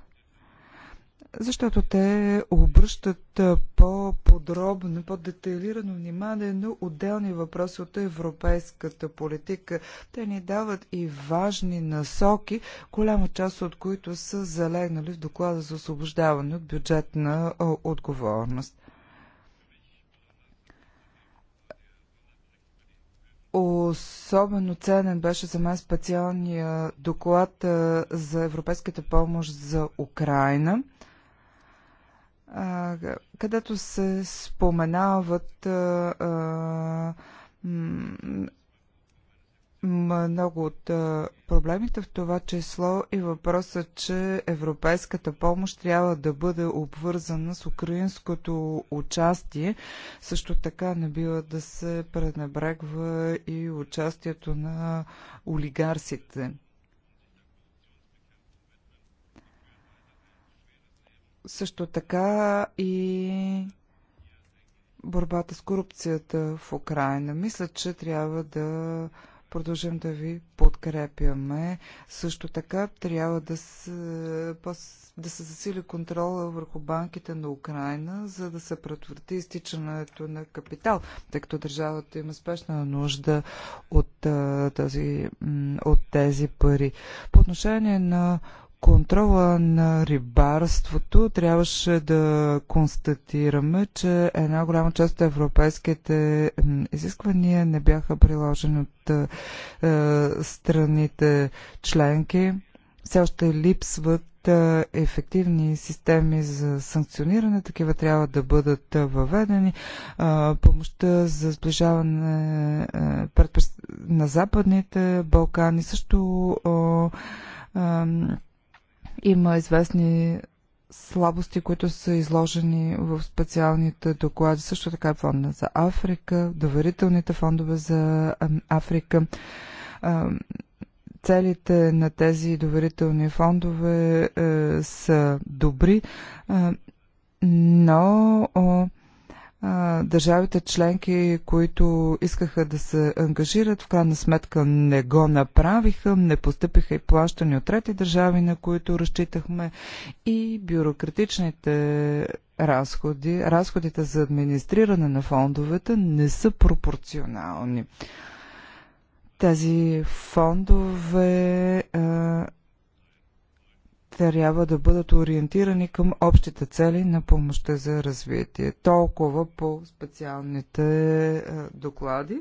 защото те обръщат по-подробно, по-детайлирано внимание на отделни въпроси от европейската политика. Те ни дават и важни насоки, голяма част от които са залегнали в доклада за освобождаване от бюджетна отговорност. Особено ценен беше за мен специалния доклад за европейската помощ за Украина където се споменават много от проблемите, в това число и въпросът, че европейската помощ трябва да бъде обвързана с украинското участие. Също така не бива да се пренебрегва и участието на олигарсите. Също така и борбата с корупцията в Украина. Мисля, че трябва да продължим да ви подкрепяме. Също така трябва да се, да се засили контрола върху банките на Украина, за да се предотврати изтичането на капитал, тъй като държавата има спешна нужда от, тази, от тези пари. По отношение на контрола на рибарството трябваше да констатираме, че една голяма част от европейските изисквания не бяха приложени от е, страните членки. Все още липсват е, ефективни системи за санкциониране. Такива трябва да бъдат е, въведени. помощта за сближаване на Западните Балкани също има известни слабости, които са изложени в специалните доклади. Също така е фонда за Африка, доверителните фондове за Африка. Целите на тези доверителни фондове е, са добри, но държавите членки, които искаха да се ангажират, в крайна сметка не го направиха, не постъпиха и плащани от трети държави, на които разчитахме и бюрократичните разходи, разходите за администриране на фондовете не са пропорционални. Тези фондове а, трябва да бъдат ориентирани към общите цели на помощта за развитие. Толкова по специалните е, доклади.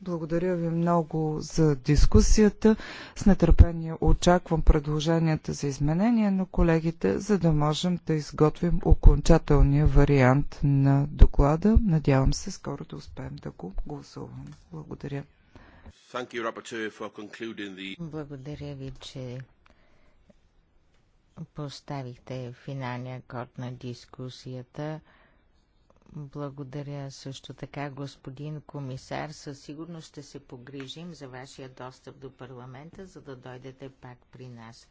Благодаря ви много за дискусията. С нетърпение очаквам предложенията за изменение на колегите, за да можем да изготвим окончателния вариант на доклада. Надявам се скоро да успеем да го гласуваме. Благодаря. Благодаря ви, че поставихте финалния акорд на дискусията. Благодаря също така, господин комисар. Със сигурност ще се погрижим за вашия достъп до парламента, за да дойдете пак при нас.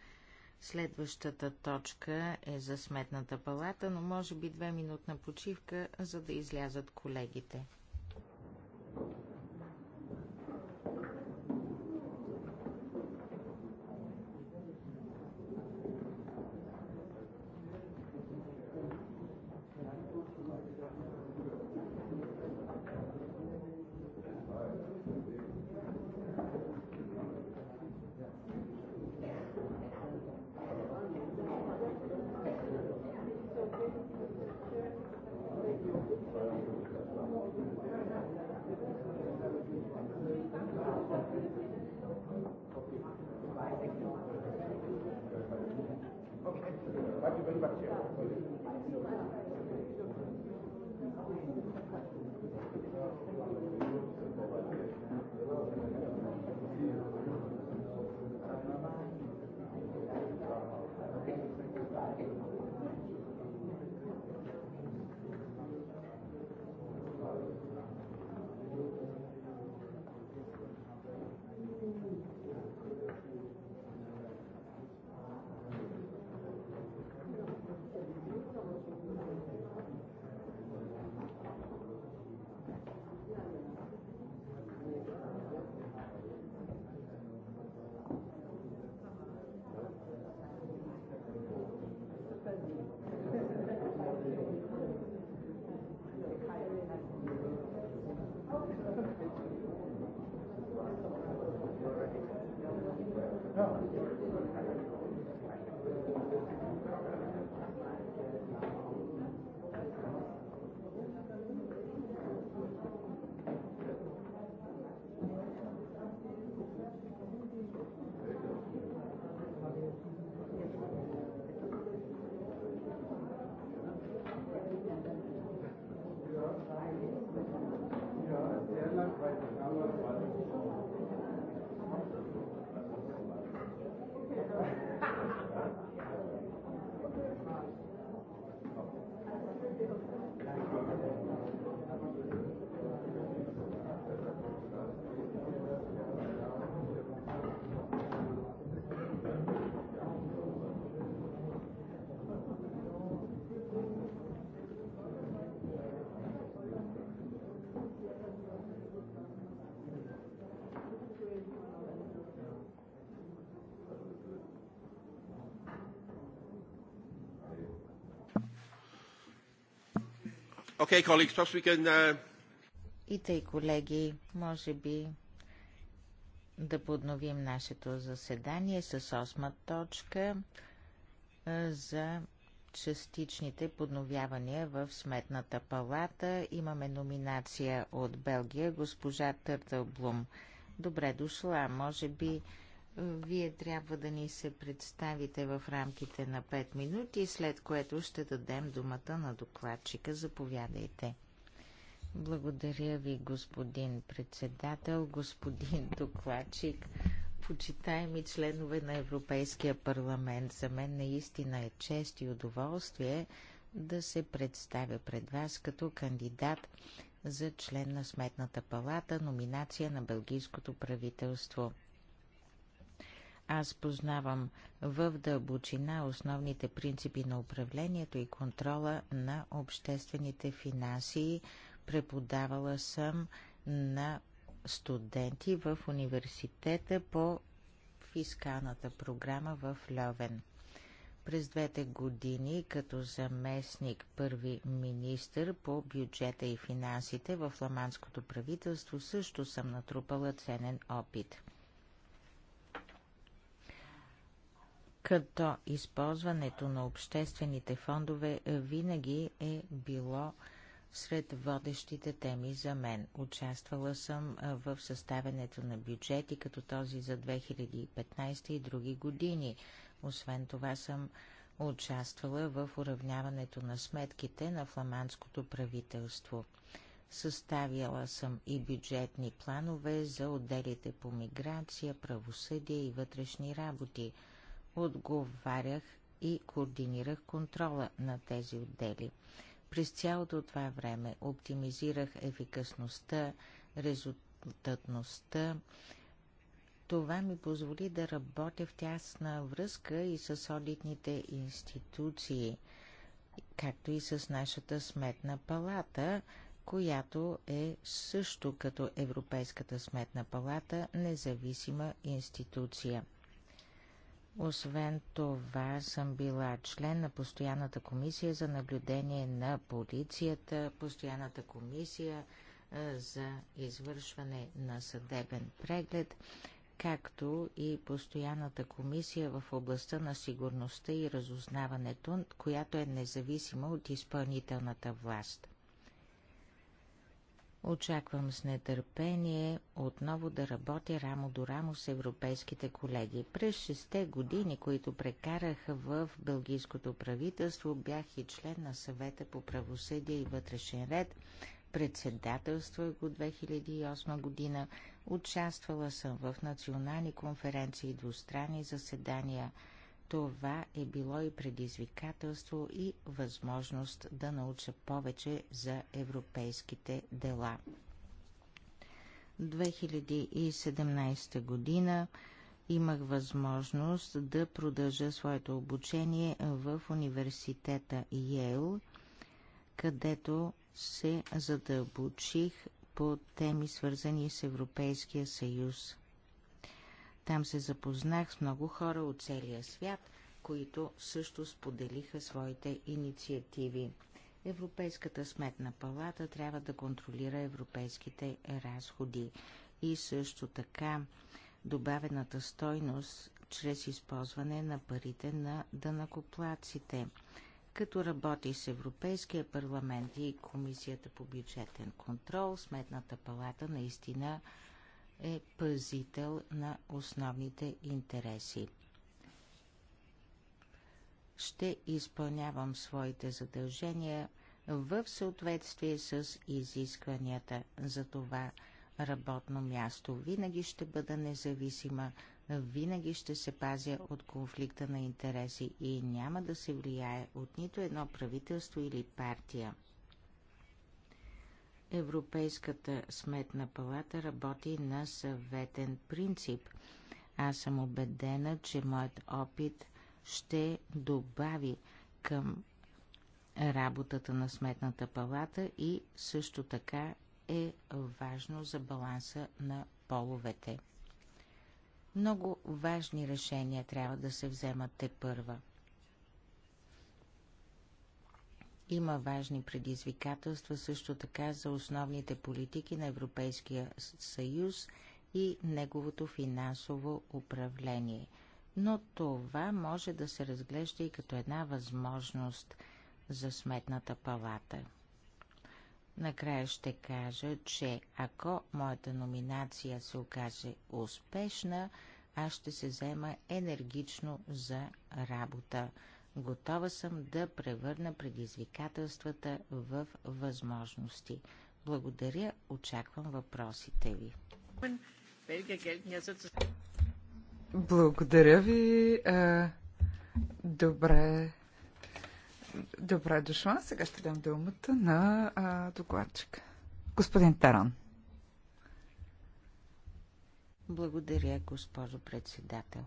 Следващата точка е за сметната палата, но може би две минутна почивка, за да излязат колегите. Okay, uh, И тъй, колеги, може би да подновим нашето заседание с осма точка за частичните подновявания в Сметната палата. Имаме номинация от Белгия, госпожа Търтълблум. Добре дошла. Може би вие трябва да ни се представите в рамките на 5 минути, след което ще дадем думата на докладчика. Заповядайте. Благодаря ви, господин председател, господин докладчик, почитаеми членове на Европейския парламент. За мен наистина е чест и удоволствие да се представя пред вас като кандидат за член на Сметната палата, номинация на Белгийското правителство. Аз познавам в дълбочина основните принципи на управлението и контрола на обществените финанси. Преподавала съм на студенти в университета по фискалната програма в Льовен. През двете години като заместник първи министр по бюджета и финансите в ламанското правителство също съм натрупала ценен опит – като използването на обществените фондове винаги е било сред водещите теми за мен. Участвала съм в съставянето на бюджети, като този за 2015 и други години. Освен това съм участвала в уравняването на сметките на фламандското правителство. Съставяла съм и бюджетни планове за отделите по миграция, правосъдие и вътрешни работи – отговарях и координирах контрола на тези отдели. През цялото това време оптимизирах ефикасността, резултатността. Това ми позволи да работя в тясна връзка и с одитните институции, както и с нашата сметна палата, която е също като Европейската сметна палата независима институция – освен това съм била член на постоянната комисия за наблюдение на полицията, постоянната комисия за извършване на съдебен преглед, както и постоянната комисия в областта на сигурността и разузнаването, която е независима от изпълнителната власт. Очаквам с нетърпение отново да работя рамо до рамо с европейските колеги. През 6 години, които прекарах в бългийското правителство, бях и член на съвета по правосъдие и вътрешен ред. Председателства го 2008 година. Участвала съм в национални конференции и двустранни заседания – това е било и предизвикателство и възможност да науча повече за европейските дела. 2017 година имах възможност да продължа своето обучение в университета Йейл, където се задълбочих по теми свързани с Европейския съюз. Там се запознах с много хора от целия свят, които също споделиха своите инициативи. Европейската сметна палата трябва да контролира европейските разходи и също така добавената стойност чрез използване на парите на дънакоплаците, като работи с Европейския парламент и Комисията по бюджетен контрол, Сметната палата наистина е пазител на основните интереси. Ще изпълнявам своите задължения в съответствие с изискванията за това работно място. Винаги ще бъда независима, винаги ще се пазя от конфликта на интереси и няма да се влияе от нито едно правителство или партия. Европейската сметна палата работи на съветен принцип. Аз съм убедена, че моят опит ще добави към работата на сметната палата и също така е важно за баланса на половете. Много важни решения трябва да се вземат те първа – Има важни предизвикателства също така за основните политики на Европейския съюз и неговото финансово управление. Но това може да се разглежда и като една възможност за сметната палата. Накрая ще кажа, че ако моята номинация се окаже успешна, аз ще се взема енергично за работа. Готова съм да превърна предизвикателствата в възможности. Благодаря, очаквам въпросите ви. Благодаря ви. Е, добре. Добре дошла. Сега ще дам думата на е, докладчика. Господин Таран. Благодаря, госпожо председател.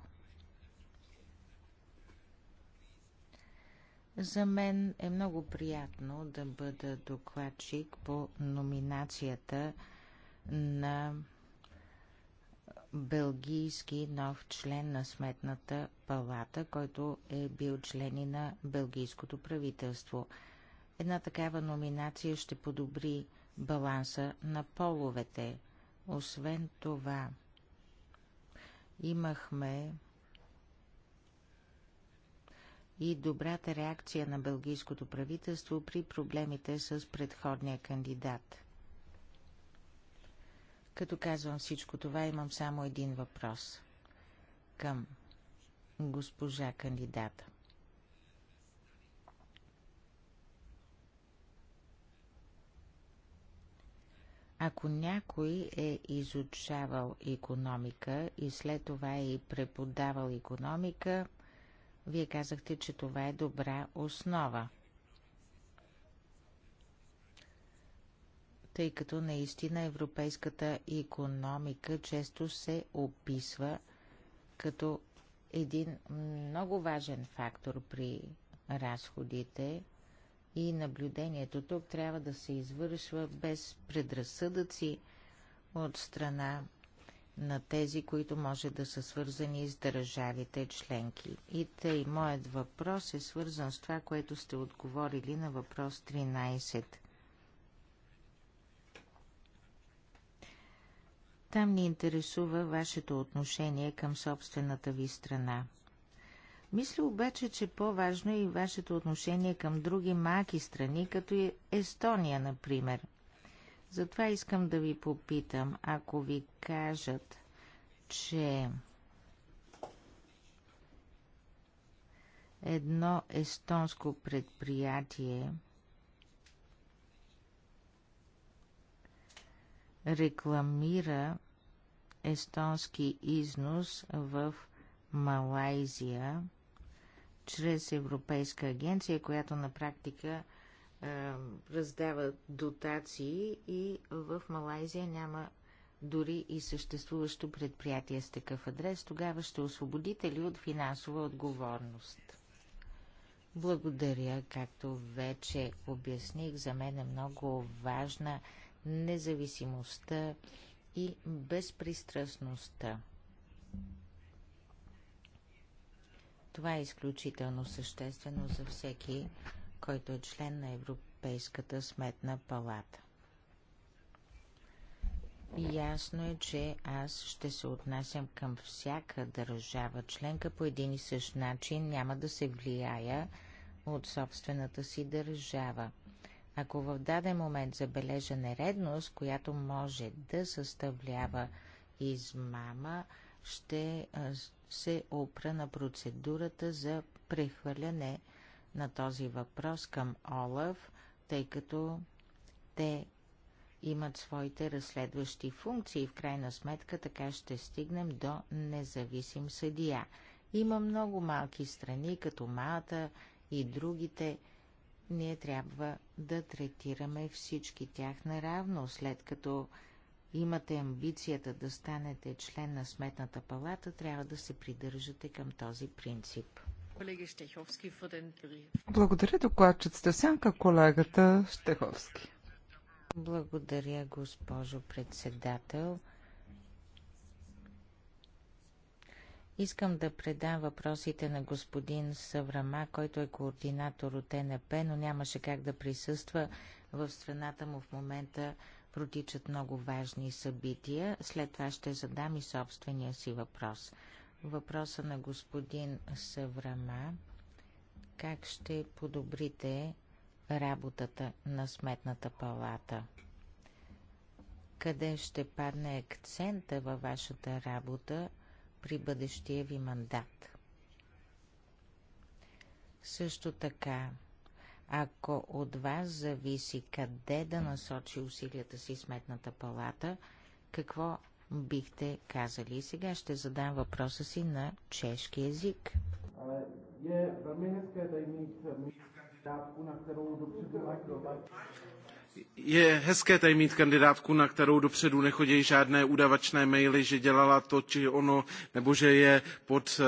За мен е много приятно да бъда докладчик по номинацията на белгийски нов член на Сметната палата, който е бил член и на белгийското правителство. Една такава номинация ще подобри баланса на половете. Освен това, имахме и добрата реакция на бългийското правителство при проблемите с предходния кандидат. Като казвам всичко това, имам само един въпрос към госпожа кандидата. Ако някой е изучавал економика и след това е и преподавал економика, вие казахте, че това е добра основа. Тъй като наистина европейската економика често се описва като един много важен фактор при разходите и наблюдението тук трябва да се извършва без предразсъдъци от страна на тези, които може да са свързани с държавите членки. И тъй, моят въпрос е свързан с това, което сте отговорили на въпрос 13. Там ни интересува вашето отношение към собствената ви страна. Мисля обаче, че по-важно е и вашето отношение към други маки страни, като Естония, например. Затова искам да ви попитам, ако ви кажат, че едно естонско предприятие рекламира естонски износ в Малайзия чрез Европейска агенция, която на практика е е, раздават дотации и в Малайзия няма дори и съществуващо предприятие с такъв адрес, тогава ще освободите ли от финансова отговорност? Благодаря, както вече обясних, за мен е много важна независимостта и безпристрастността. Това е изключително съществено за всеки който е член на Европейската сметна палата. Ясно е, че аз ще се отнасям към всяка държава членка по един и същ начин, няма да се влияя от собствената си държава. Ако в даден момент забележа нередност, която може да съставлява измама, ще се опра на процедурата за прехвърляне на този въпрос към Олаф, тъй като те имат своите разследващи функции. В крайна сметка така ще стигнем до независим съдия. Има много малки страни, като Малта и другите. Ние трябва да третираме всички тях наравно, след като имате амбицията да станете член на Сметната палата, трябва да се придържате към този принцип. Благодаря докладчицата Сянка, колегата Штеховски. Благодаря, госпожо председател. Искам да предам въпросите на господин Саврама, който е координатор от НП, но нямаше как да присъства в страната му в момента протичат много важни събития. След това ще задам и собствения си въпрос – въпроса на господин Саврама. Как ще подобрите работата на Сметната палата? Къде ще падне акцента във вашата работа при бъдещия ви мандат? Също така, ако от вас зависи къде да насочи усилията си Сметната палата, какво бихте казали. Сега ще задам въпроса си на чешки език. Je hezké tady mít kandidátku, na kterou dopředu nechodí žádné udavačné maily, že dělala to či ono, nebo že je pod...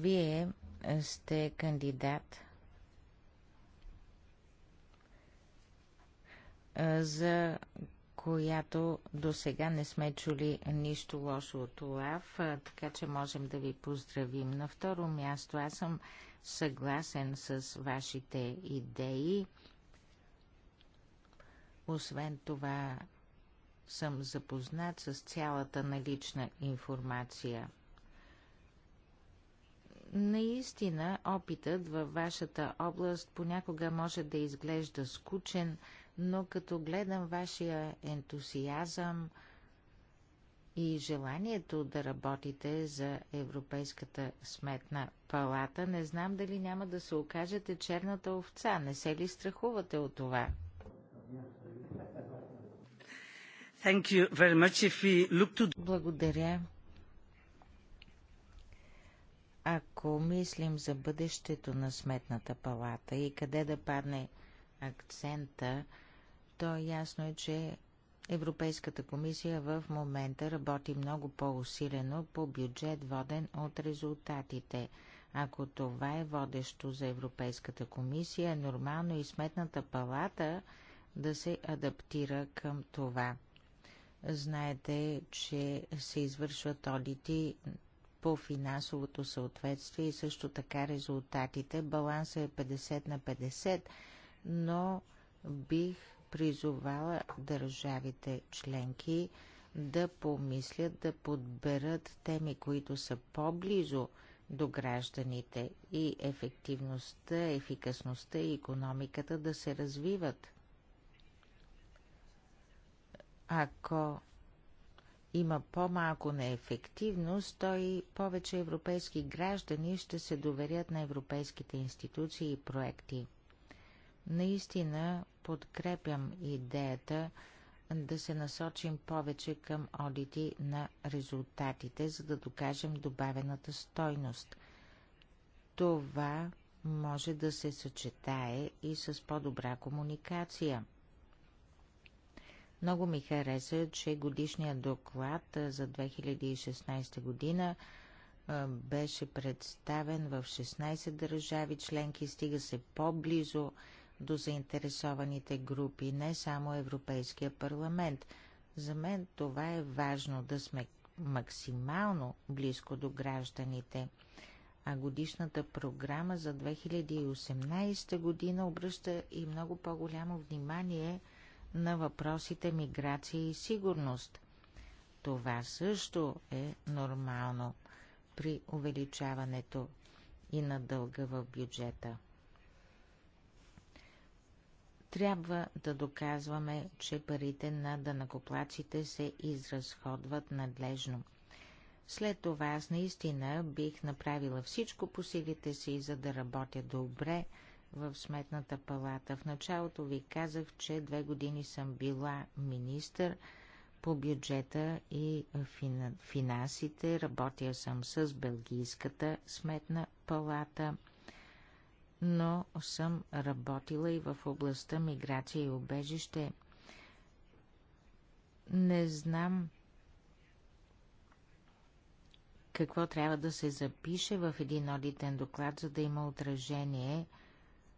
Vy jste kandidát za която до сега не сме чули нищо лошо от ОЛАФ, така че можем да ви поздравим. На второ място аз съм съгласен с вашите идеи. Освен това, съм запознат с цялата налична информация. Наистина, опитът във вашата област понякога може да изглежда скучен, но като гледам вашия ентусиазъм и желанието да работите за Европейската сметна палата, не знам дали няма да се окажете черната овца. Не се ли страхувате от това? To... Благодаря. Ако мислим за бъдещето на Сметната палата и къде да падне акцента, то е ясно е, че Европейската комисия в момента работи много по-усилено по бюджет, воден от резултатите. Ако това е водещо за Европейската комисия, е нормално и сметната палата да се адаптира към това. Знаете, че се извършват одити по финансовото съответствие и също така резултатите. Балансът е 50 на 50, но бих призовала държавите членки да помислят да подберат теми, които са по-близо до гражданите и ефективността, ефикасността и економиката да се развиват. Ако има по-малко неефективност, то и повече европейски граждани ще се доверят на европейските институции и проекти. Наистина подкрепям идеята да се насочим повече към одити на резултатите, за да докажем добавената стойност. Това може да се съчетае и с по-добра комуникация. Много ми хареса, че годишният доклад за 2016 година беше представен в 16 държави членки, стига се по-близо до заинтересованите групи, не само Европейския парламент. За мен това е важно да сме максимално близко до гражданите. А годишната програма за 2018 година обръща и много по-голямо внимание на въпросите миграция и сигурност. Това също е нормално при увеличаването и на дълга в бюджета. Трябва да доказваме, че парите на данакоплаците се изразходват надлежно. След това аз наистина бих направила всичко по силите си, за да работя добре в Сметната палата. В началото ви казах, че две години съм била министър по бюджета и финансите. Работя съм с Белгийската Сметна палата – но съм работила и в областта миграция и убежище. Не знам какво трябва да се запише в един одитен доклад, за да има отражение.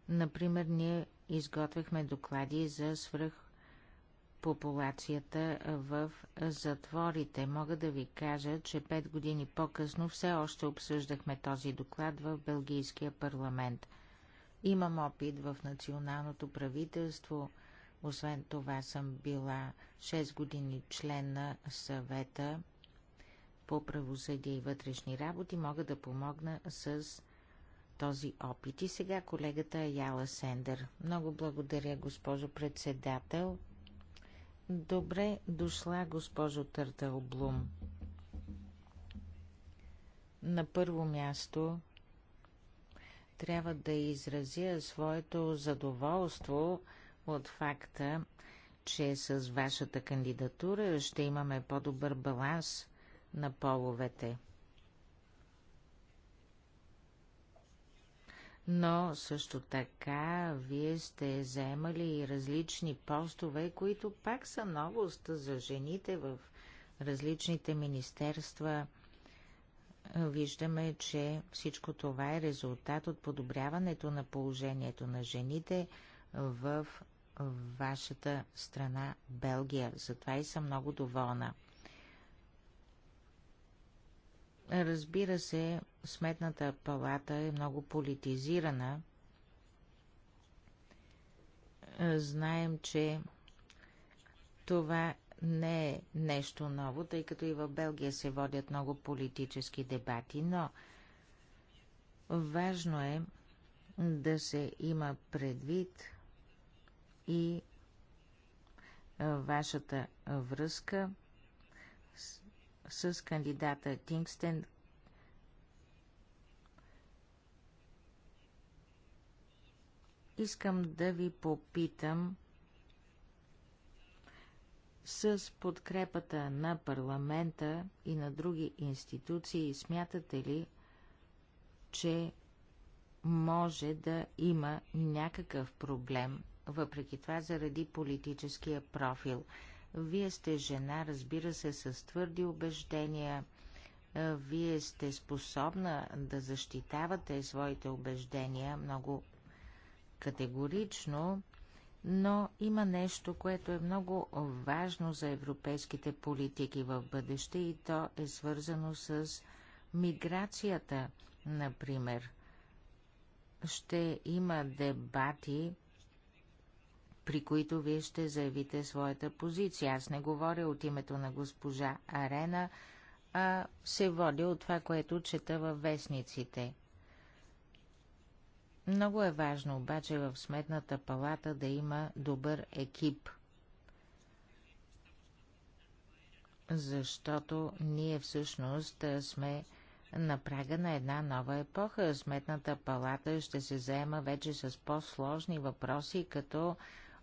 Например, ние изготвяхме доклади за свръх популацията в затворите. Мога да ви кажа, че пет години по-късно все още обсъждахме този доклад в Белгийския парламент – Имам опит в националното правителство. Освен това съм била 6 години член на съвета по правосъдие и вътрешни работи. Мога да помогна с този опит. И сега колегата Яла Сендер. Много благодаря, госпожо председател. Добре дошла, госпожо Търтълблум. На първо място трябва да изразя своето задоволство от факта, че с вашата кандидатура ще имаме по-добър баланс на половете. Но също така вие сте заемали и различни постове, които пак са новост за жените в различните министерства – виждаме, че всичко това е резултат от подобряването на положението на жените в вашата страна Белгия. Затова и съм много доволна. Разбира се, сметната палата е много политизирана. Знаем, че това не е нещо ново, тъй като и в Белгия се водят много политически дебати, но важно е да се има предвид и вашата връзка с, с кандидата Тингстен, искам да ви попитам с подкрепата на парламента и на други институции смятате ли, че може да има някакъв проблем, въпреки това заради политическия профил? Вие сте жена, разбира се, с твърди убеждения. Вие сте способна да защитавате своите убеждения много категорично, но има нещо, което е много важно за европейските политики в бъдеще и то е свързано с миграцията, например. Ще има дебати, при които вие ще заявите своята позиция. Аз не говоря от името на госпожа Арена, а се водя от това, което чета във вестниците. Много е важно обаче в Сметната палата да има добър екип, защото ние всъщност сме на прага на една нова епоха. Сметната палата ще се заема вече с по-сложни въпроси, като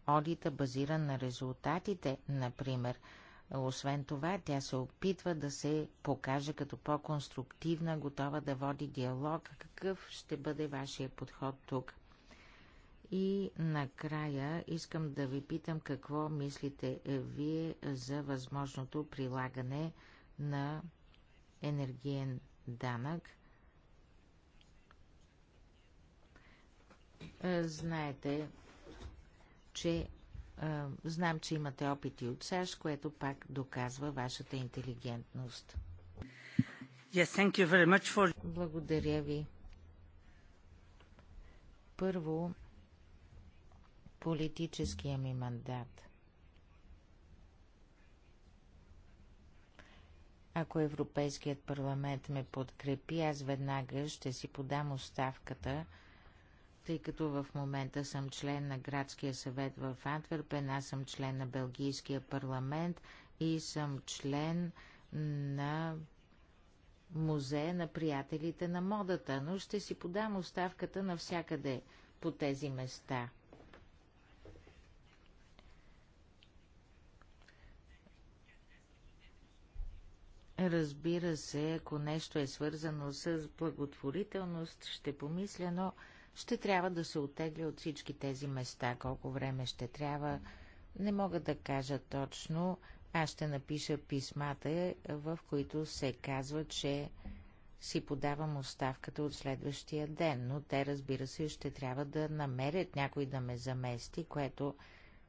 одита базиран на резултатите, например – освен това, тя се опитва да се покаже като по-конструктивна, готова да води диалог. Какъв ще бъде вашия подход тук? И накрая искам да ви питам какво мислите вие за възможното прилагане на енергиен данък. Знаете, че е, знам, че имате опити от САЩ, което пак доказва вашата интелигентност. Yes, thank you very much for... Благодаря ви. Първо, политическия ми мандат. Ако Европейският парламент ме подкрепи, аз веднага ще си подам оставката – тъй като в момента съм член на Градския съвет в Антверпен, аз съм член на Белгийския парламент и съм член на музея на приятелите на модата, но ще си подам оставката навсякъде по тези места. Разбира се, ако нещо е свързано с благотворителност, ще помисля, но ще трябва да се отегля от всички тези места. Колко време ще трябва, не мога да кажа точно. Аз ще напиша писмата, в които се казва, че си подавам оставката от следващия ден, но те, разбира се, ще трябва да намерят някой да ме замести, което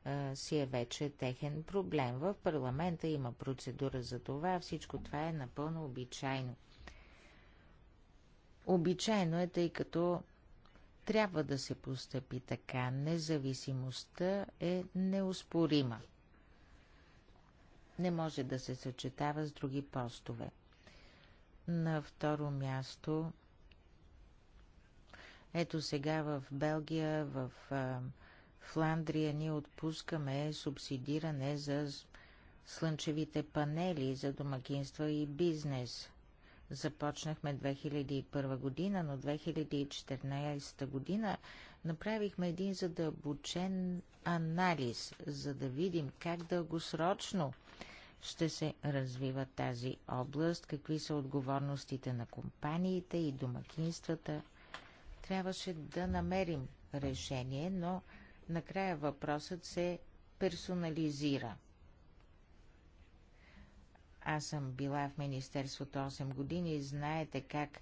а, си е вече техен проблем. В парламента има процедура за това, всичко това е напълно обичайно. Обичайно е, тъй като трябва да се постъпи така. Независимостта е неоспорима. Не може да се съчетава с други постове. На второ място, ето сега в Белгия, в Фландрия ние отпускаме субсидиране за слънчевите панели за домакинства и бизнес – започнахме 2001 година, но 2014 година направихме един задълбочен анализ, за да видим как дългосрочно ще се развива тази област, какви са отговорностите на компаниите и домакинствата. Трябваше да намерим решение, но накрая въпросът се персонализира – аз съм била в Министерството 8 години и знаете как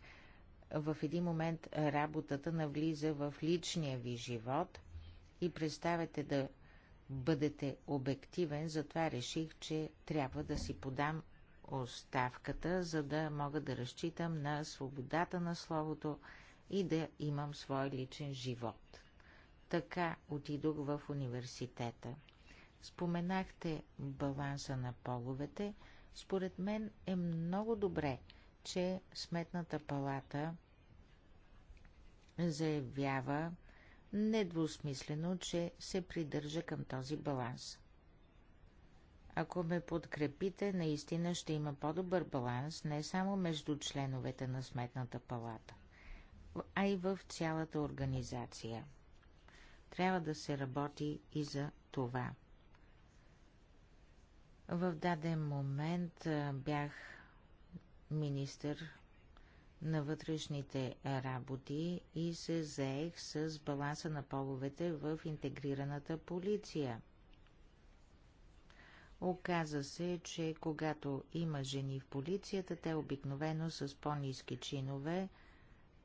в един момент работата навлиза в личния ви живот и представете да бъдете обективен, затова реших, че трябва да си подам оставката, за да мога да разчитам на свободата на словото и да имам свой личен живот. Така отидох в университета. Споменахте баланса на половете – според мен е много добре, че Сметната палата заявява недвусмислено, че се придържа към този баланс. Ако ме подкрепите, наистина ще има по-добър баланс не само между членовете на Сметната палата, а и в цялата организация. Трябва да се работи и за това. В даден момент бях министър на вътрешните работи и се заех с баланса на половете в интегрираната полиция. Оказа се, че когато има жени в полицията, те обикновено са с по-низки чинове,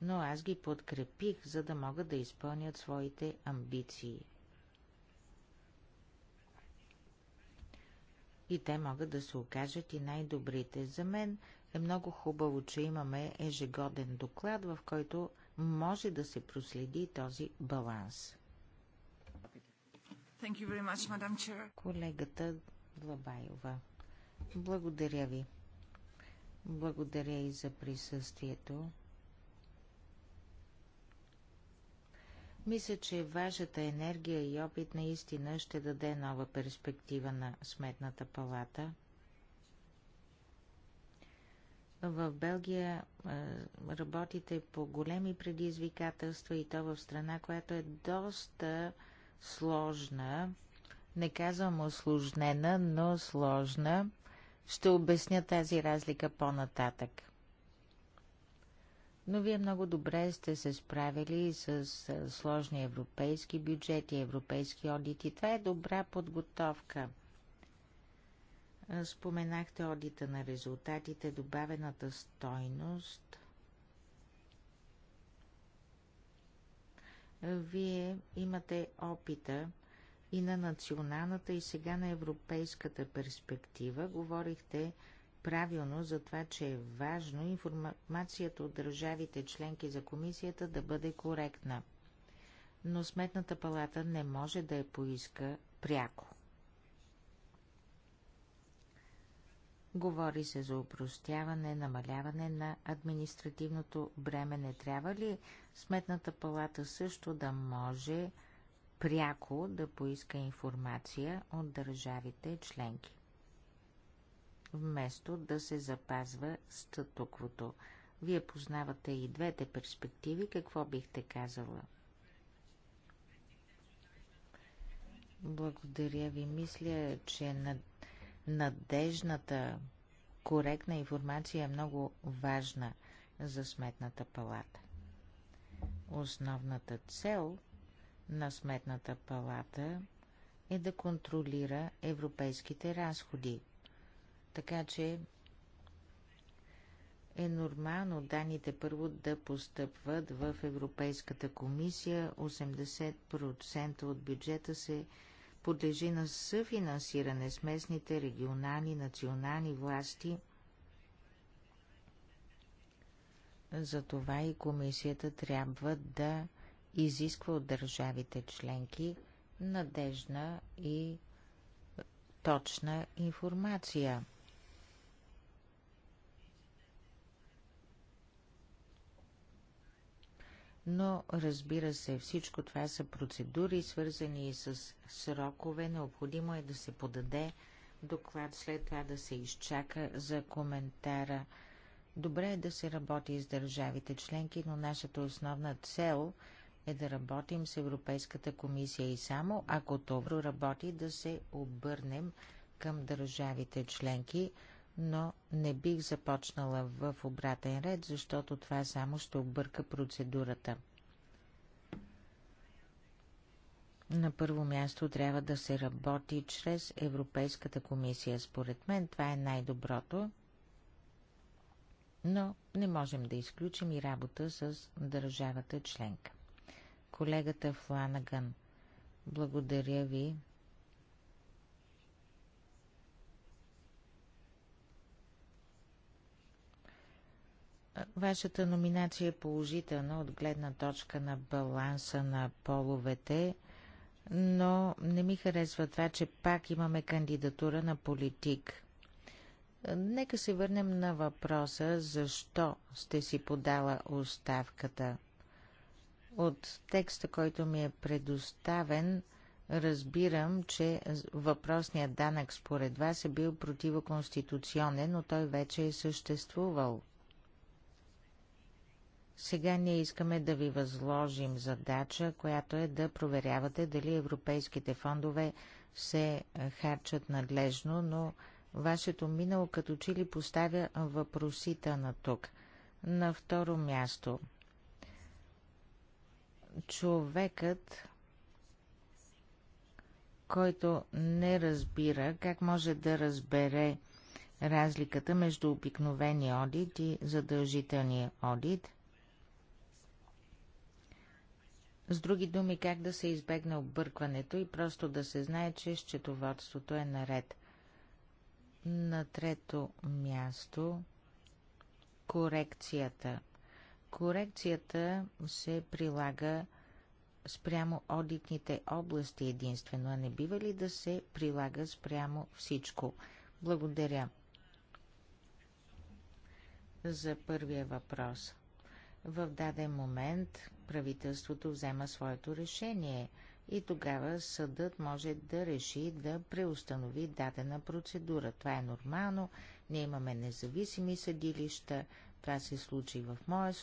но аз ги подкрепих, за да могат да изпълнят своите амбиции – и те могат да се окажат и най-добрите. За мен е много хубаво, че имаме ежегоден доклад, в който може да се проследи този баланс. Much, Колегата Лабаева. Благодаря ви. Благодаря и за присъствието. Мисля, че вашата енергия и опит наистина ще даде нова перспектива на Сметната палата. В Белгия работите по големи предизвикателства и то в страна, която е доста сложна. Не казвам осложнена, но сложна. Ще обясня тази разлика по-нататък. Но вие много добре сте се справили с сложни европейски бюджети, европейски одити. Това е добра подготовка. Споменахте одита на резултатите, добавената стойност. Вие имате опита и на националната, и сега на европейската перспектива. Говорихте правилно за това, че е важно информацията от държавите членки за комисията да бъде коректна. Но Сметната палата не може да я поиска пряко. Говори се за упростяване, намаляване на административното бреме. Не трябва ли Сметната палата също да може пряко да поиска информация от държавите членки? вместо да се запазва статуквото. Вие познавате и двете перспективи, какво бихте казала? Благодаря ви. Мисля, че надежната, коректна информация е много важна за Сметната палата. Основната цел на Сметната палата е да контролира европейските разходи. Така че е нормално даните първо да постъпват в Европейската комисия. 80% от бюджета се подлежи на съфинансиране с местните, регионални, национални власти. Затова и комисията трябва да изисква от държавите членки надежна и точна информация. но разбира се, всичко това са процедури, свързани с срокове. Необходимо е да се подаде доклад, след това да се изчака за коментара. Добре е да се работи с държавите членки, но нашата основна цел е да работим с Европейската комисия и само ако това работи да се обърнем към държавите членки – но не бих започнала в обратен ред, защото това само ще обърка процедурата. На първо място трябва да се работи чрез Европейската комисия. Според мен това е най-доброто, но не можем да изключим и работа с държавата членка. Колегата Фланаган, благодаря ви Вашата номинация е положителна от гледна точка на баланса на половете, но не ми харесва това, че пак имаме кандидатура на политик. Нека се върнем на въпроса, защо сте си подала оставката. От текста, който ми е предоставен, разбирам, че въпросният данък според вас е бил противоконституционен, но той вече е съществувал. Сега ние искаме да ви възложим задача, която е да проверявате дали европейските фондове се е, харчат надлежно, но вашето минало като че ли поставя въпросита на тук. На второ място. Човекът, който не разбира, как може да разбере разликата между обикновения одит и задължителния одит – С други думи, как да се избегне объркването и просто да се знае, че счетоводството е наред. На трето място корекцията. Корекцията се прилага спрямо одитните области единствено, а не бива ли да се прилага спрямо всичко? Благодаря за първия въпрос в даден момент правителството взема своето решение и тогава съдът може да реши да преустанови дадена процедура. Това е нормално, ние имаме независими съдилища, това се случи в моя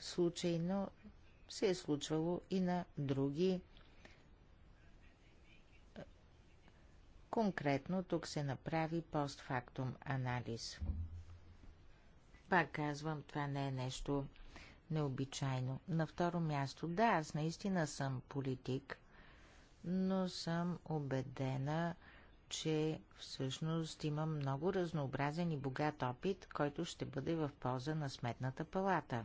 случай, но се е случвало и на други. Конкретно тук се направи постфактум анализ. Пак казвам, това не е нещо необичайно. На второ място, да, аз наистина съм политик, но съм убедена, че всъщност имам много разнообразен и богат опит, който ще бъде в полза на Сметната палата.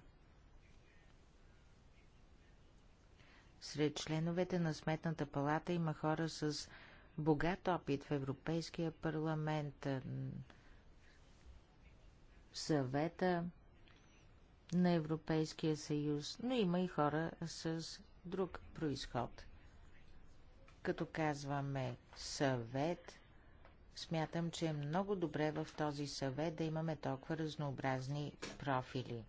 Сред членовете на Сметната палата има хора с богат опит в Европейския парламент, съвета на Европейския съюз, но има и хора с друг происход. Като казваме съвет, смятам, че е много добре в този съвет да имаме толкова разнообразни профили.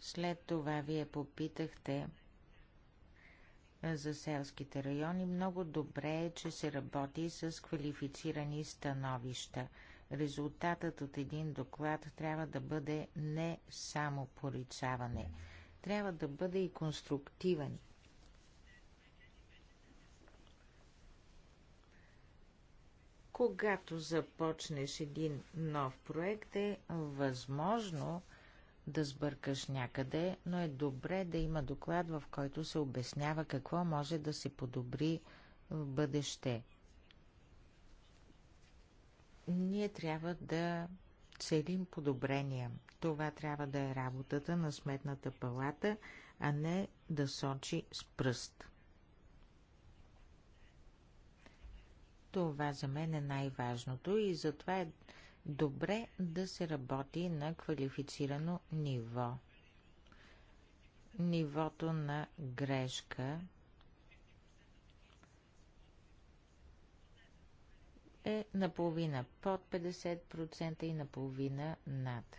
След това вие попитахте за селските райони. Много добре е, че се работи с квалифицирани становища. Резултатът от един доклад трябва да бъде не само порицаване, трябва да бъде и конструктивен. Когато започнеш един нов проект, е възможно да сбъркаш някъде, но е добре да има доклад, в който се обяснява какво може да се подобри в бъдеще. Ние трябва да целим подобрения. Това трябва да е работата на сметната палата, а не да сочи с пръст. Това за мен е най-важното и затова е добре да се работи на квалифицирано ниво. Нивото на грешка е наполовина под 50% и наполовина над.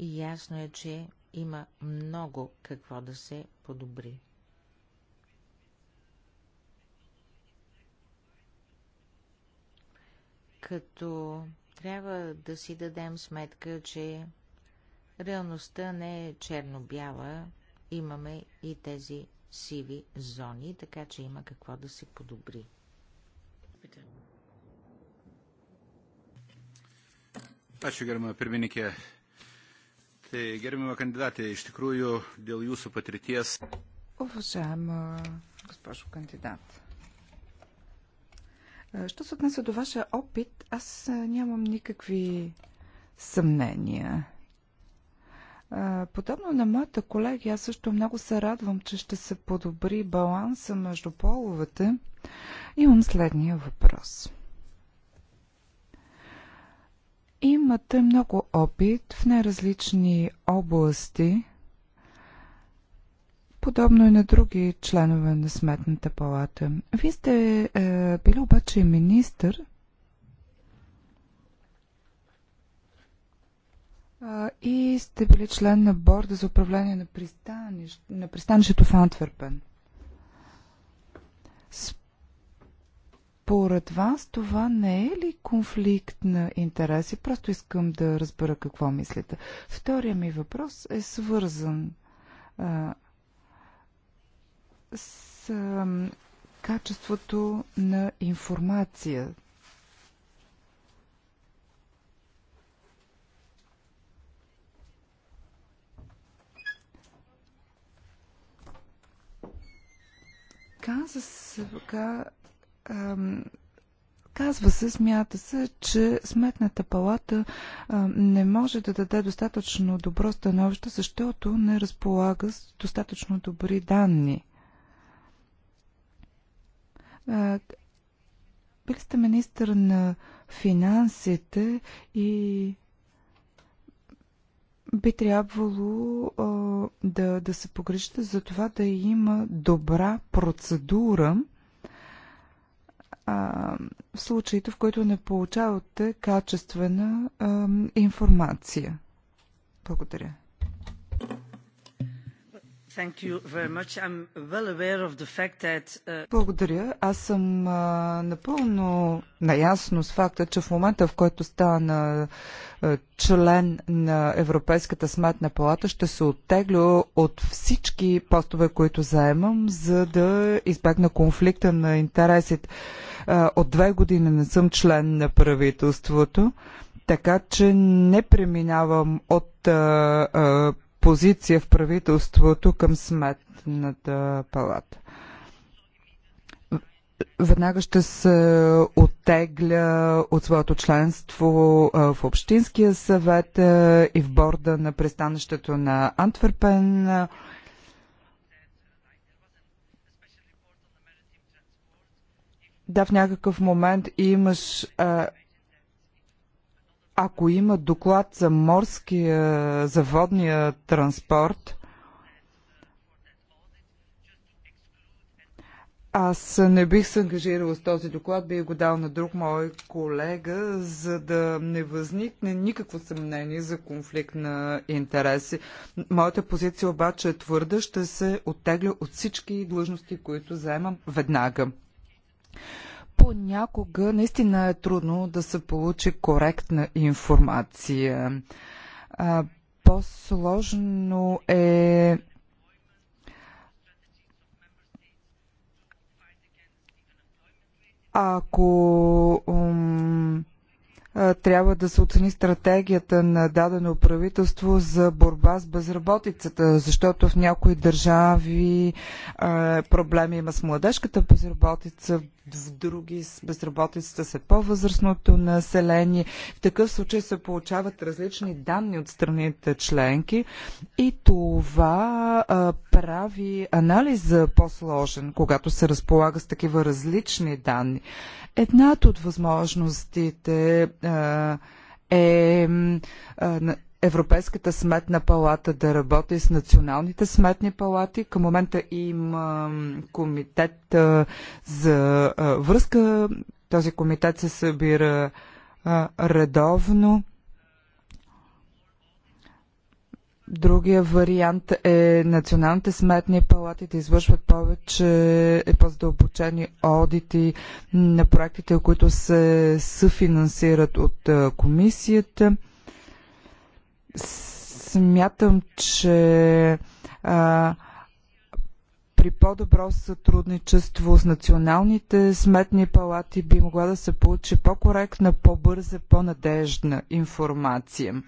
Ясно е, че има много какво да се подобри. като трябва да си дадем сметка, че реалността не е черно-бяла, имаме и тези сиви зони, така че има какво да се подобри. Ačiū gerbiamą pirmininkę. Tai gerbiamą kandidatę, iš tikrųjų, dėl jūsų patirties. Уважаема госпожо кандидат, Що се отнася до вашия опит, аз нямам никакви съмнения. Подобно на моята колеги, аз също много се радвам, че ще се подобри баланса между половете. Имам следния въпрос. Имате много опит в най-различни области – подобно и на други членове на Сметната палата. Вие сте е, били обаче и министър и сте били член на борда за управление на, пристанищ, на пристанището в Антверпен. Според вас това не е ли конфликт на интереси? Просто искам да разбера какво мислите. Втория ми въпрос е свързан с качеството на информация. Каза се, ка, ам, казва се, смята се, че Сметната палата не може да даде достатъчно добро становище, защото не разполага с достатъчно добри данни. Били сте министър на финансите и би трябвало а, да, да се погрежите за това да има добра процедура а, в случаите, в които не получавате качествена а, информация. Благодаря. Uh, Благодаря. Аз съм напълно наясно с факта, че в момента, в който стана член на Европейската сметна палата, ще се оттегля от всички постове, които заемам, за да избегна конфликта на интересите. От две години не съм член на правителството, така че не преминавам от позиция в правителството към сметната палата веднага ще се оттегля от своето членство в Общинския съвет и в борда на пристанището на Антверпен. Да, в някакъв момент имаш ако има доклад за морския, за водния транспорт, Аз не бих се ангажирала с този доклад, бих го дал на друг мой колега, за да не възникне никакво съмнение за конфликт на интереси. Моята позиция обаче е твърда, ще се оттегля от всички длъжности, които заемам веднага понякога наистина е трудно да се получи коректна информация. По-сложно е ако трябва да се оцени стратегията на дадено правителство за борба с безработицата, защото в някои държави проблеми има с младежката безработица, в други безработицата се по-възрастното население. В такъв случай се получават различни данни от страните членки и това а, прави анализа по-сложен, когато се разполага с такива различни данни. Едната от възможностите а, е а, Европейската сметна палата да работи с националните сметни палати. Към момента има комитет за връзка. Този комитет се събира редовно. Другия вариант е националните сметни палати да извършват повече и по-задълбочени одити на проектите, които се съфинансират от комисията. Смятам, че а, при по-добро сътрудничество с националните сметни палати би могла да се получи по-коректна, по-бърза, по-надежна информация.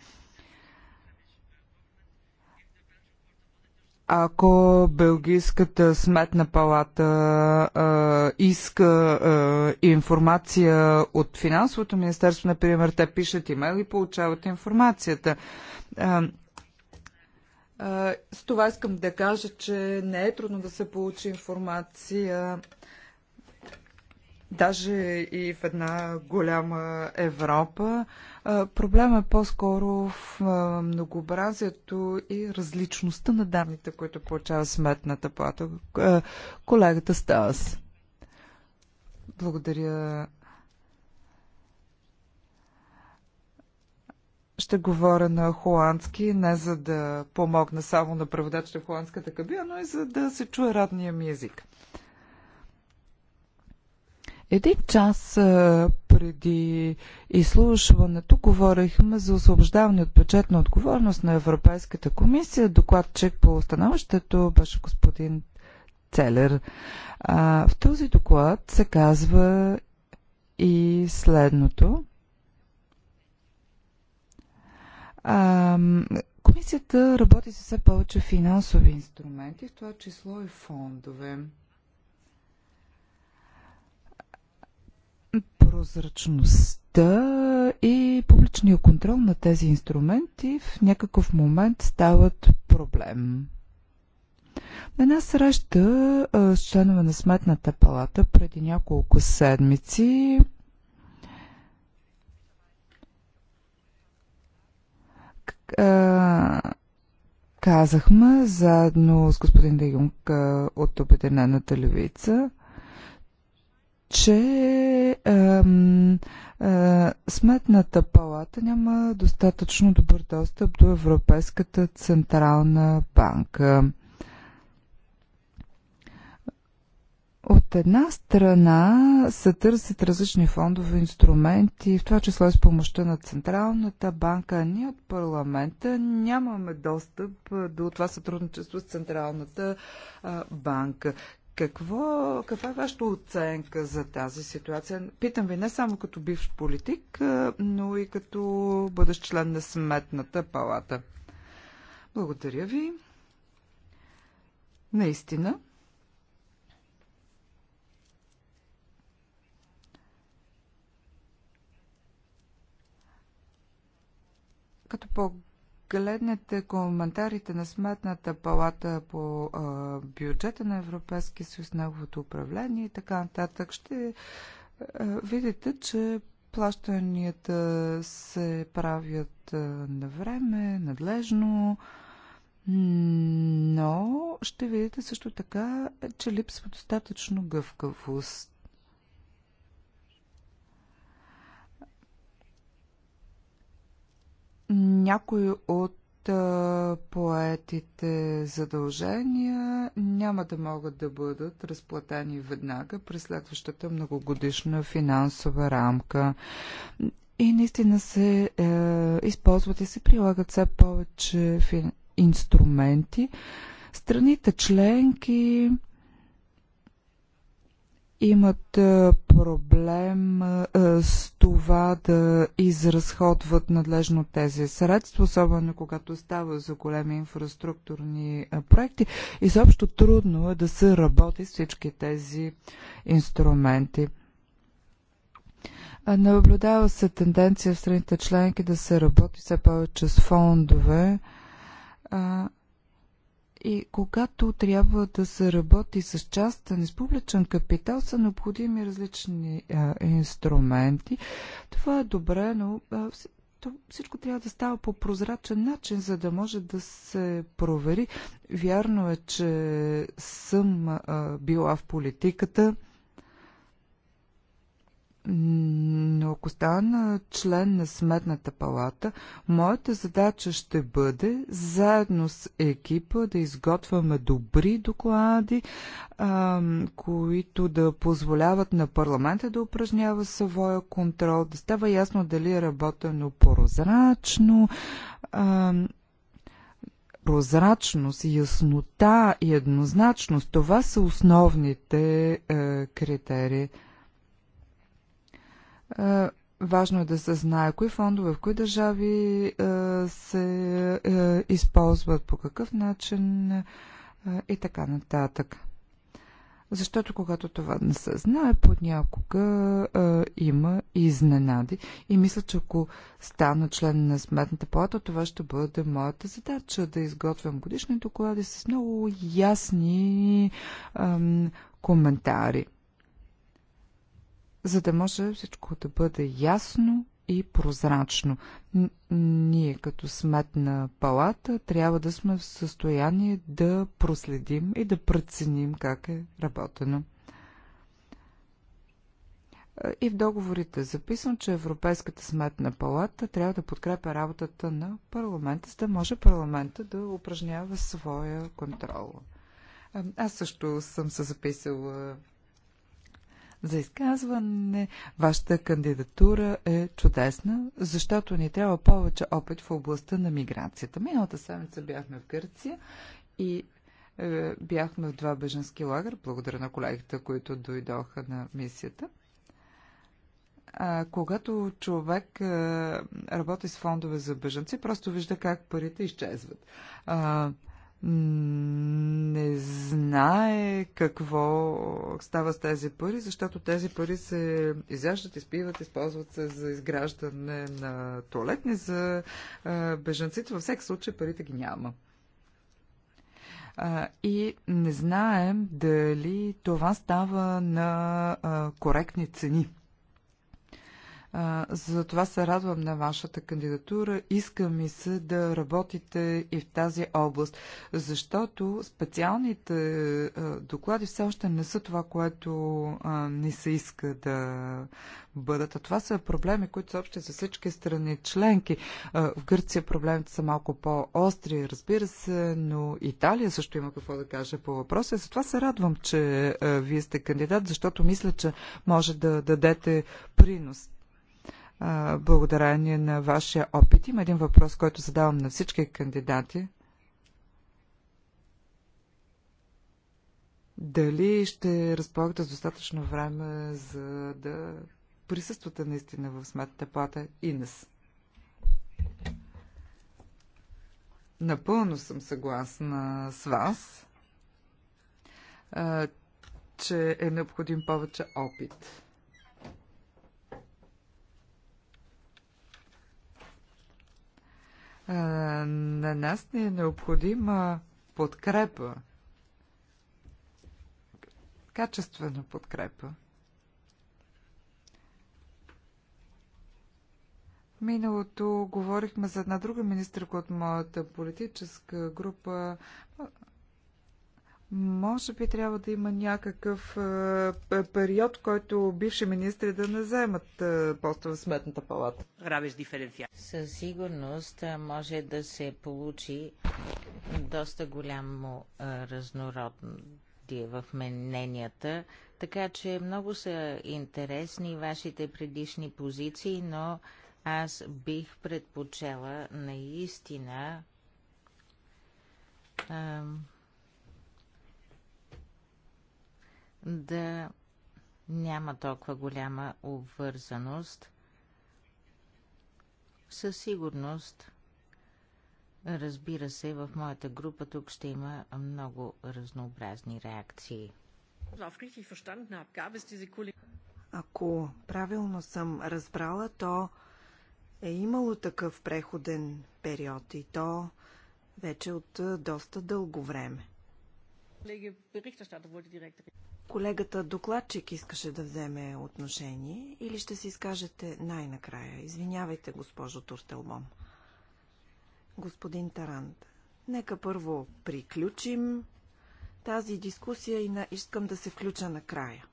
ако Белгийската сметна палата а, иска а, информация от финансовото министерство, например, те пишат имейл и получават информацията. А, а, с това искам да кажа, че не е трудно да се получи информация даже и в една голяма Европа. Проблема е по-скоро в многообразието и различността на данните, които получава сметната плата. Колегата Стас. Благодаря. ще говоря на холандски, не за да помогна само на преводачите в холандската кабина, но и за да се чуе родния ми език. Един час преди изслушването говорихме за освобождаване от бюджетна отговорност на Европейската комисия. Докладчик по становището беше господин Целер. А, в този доклад се казва и следното. А, комисията работи с все повече финансови инструменти, в това число и фондове. прозрачността и публичния контрол на тези инструменти в някакъв момент стават проблем. На една среща с членове на Сметната палата преди няколко седмици казахме заедно с господин Дегюнг от Обединената левица, че ам, а, Сметната палата няма достатъчно добър достъп до Европейската централна банка. От една страна се търсят различни фондови инструменти, в това число и с помощта на Централната банка, а ние от парламента нямаме достъп до това сътрудничество с Централната банка. Какво, каква е вашата оценка за тази ситуация? Питам ви не само като бивш политик, но и като бъдещ член на Сметната палата. Благодаря ви. Наистина. Като по погледнете коментарите на Сметната палата по а, бюджета на Европейския съюз, неговото управление и така нататък, ще а, видите, че плащанията се правят на време, надлежно, но ще видите също така, че липсва достатъчно гъвкавост някои от поетите задължения няма да могат да бъдат разплатени веднага през следващата многогодишна финансова рамка. И наистина се е, използват и се прилагат все повече инструменти. Страните членки имат проблем с това да изразходват надлежно тези средства, особено когато става за големи инфраструктурни проекти. Изобщо трудно е да се работи с всички тези инструменти. Наблюдава се тенденция в страните членки да се работи все повече с фондове, и когато трябва да се работи с частен и с публичен капитал, са необходими различни а, инструменти. Това е добре, но а, то всичко трябва да става по прозрачен начин, за да може да се провери. Вярно е, че съм а, била в политиката. Но ако стана член на Сметната палата, моята задача ще бъде заедно с екипа да изготвяме добри доклади, които да позволяват на парламента да упражнява своя контрол, да става ясно дали е работено прозрачно. А, прозрачност, яснота и еднозначност, това са основните е, критерии. Е, важно е да се знае кои фондове, в кои държави е, се е, използват, по какъв начин и така нататък. Защото когато това не се знае, понякога е, има и изненади. И мисля, че ако стана член на Сметната палата, това ще бъде моята задача да изготвям годишни доклади с много ясни е, коментари за да може всичко да бъде ясно и прозрачно. Ние като сметна палата трябва да сме в състояние да проследим и да преценим как е работено. И в договорите е записано, че Европейската сметна палата трябва да подкрепя работата на парламента, за да може парламента да упражнява своя контрол. Аз също съм се записала за изказване. Вашата кандидатура е чудесна, защото ни трябва повече опит в областта на миграцията. Миналата седмица бяхме в Гърция и е, бяхме в два беженски лагер. Благодаря на колегите, които дойдоха на мисията. А, когато човек а, е, работи с фондове за бежанци, просто вижда как парите изчезват. А, не знае какво става с тези пари, защото тези пари се изяждат, изпиват, използват се за изграждане на туалетни за бежанците. Във всеки случай парите ги няма. И не знаем дали това става на коректни цени. За това се радвам на вашата кандидатура. Иска ми се да работите и в тази област, защото специалните доклади все още не са това, което ни се иска да бъдат. А това са проблеми, които са общи за всички страни членки. В Гърция проблемите са малко по-остри, разбира се, но Италия също има какво да каже по въпроса. затова се радвам, че вие сте кандидат, защото мисля, че може да дадете принос благодарение на вашия опит. Има един въпрос, който задавам на всички кандидати. Дали ще разполагате с достатъчно време, за да присъствате наистина в сметната плата Инес? Напълно съм съгласна с вас, че е необходим повече опит. на нас ни е необходима подкрепа, качествена подкрепа. Миналото говорихме за една друга министърка от моята политическа група. Може би трябва да има някакъв е, период, който бивши министри да не вземат е, поста в сметната палата. Със сигурност е, може да се получи доста голямо е, разнородие в мненията, така че много са интересни вашите предишни позиции, но аз бих предпочела наистина Е, да няма толкова голяма обвързаност. Със сигурност, разбира се, в моята група тук ще има много разнообразни реакции. Ако правилно съм разбрала, то е имало такъв преходен период и то вече от доста дълго време. Колегата докладчик искаше да вземе отношение или ще се изкажете най-накрая? Извинявайте, госпожо Туртелбом. Господин Тарант, нека първо приключим тази дискусия и на... искам да се включа накрая.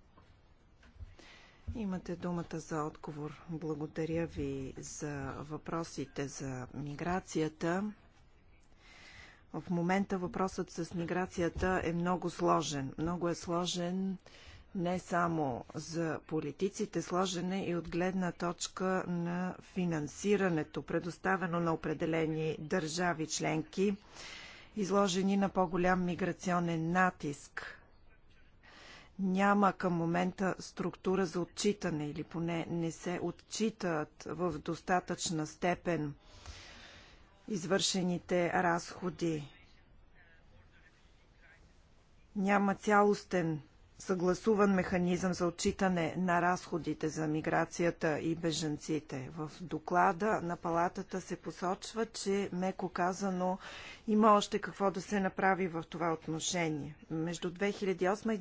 Имате думата за отговор. Благодаря ви за въпросите за миграцията. В момента въпросът с миграцията е много сложен. Много е сложен не само за политиците, сложен е и от гледна точка на финансирането, предоставено на определени държави членки, изложени на по-голям миграционен натиск. Няма към момента структура за отчитане или поне не се отчитат в достатъчна степен – извършените разходи. Няма цялостен съгласуван механизъм за отчитане на разходите за миграцията и бежанците. В доклада на палатата се посочва, че меко казано има още какво да се направи в това отношение. Между 2008 и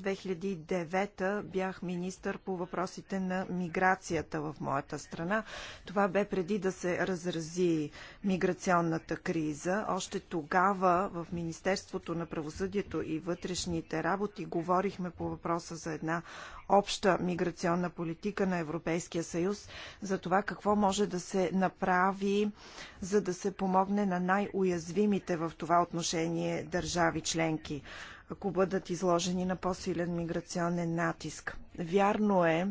2009 бях министър по въпросите на миграцията в моята страна. Това бе преди да се разрази миграционната криза. Още тогава в Министерството на правосъдието и вътрешните работи говорихме по въпросите въпроса за една обща миграционна политика на Европейския съюз, за това какво може да се направи, за да се помогне на най-уязвимите в това отношение държави членки, ако бъдат изложени на по-силен миграционен натиск. Вярно е,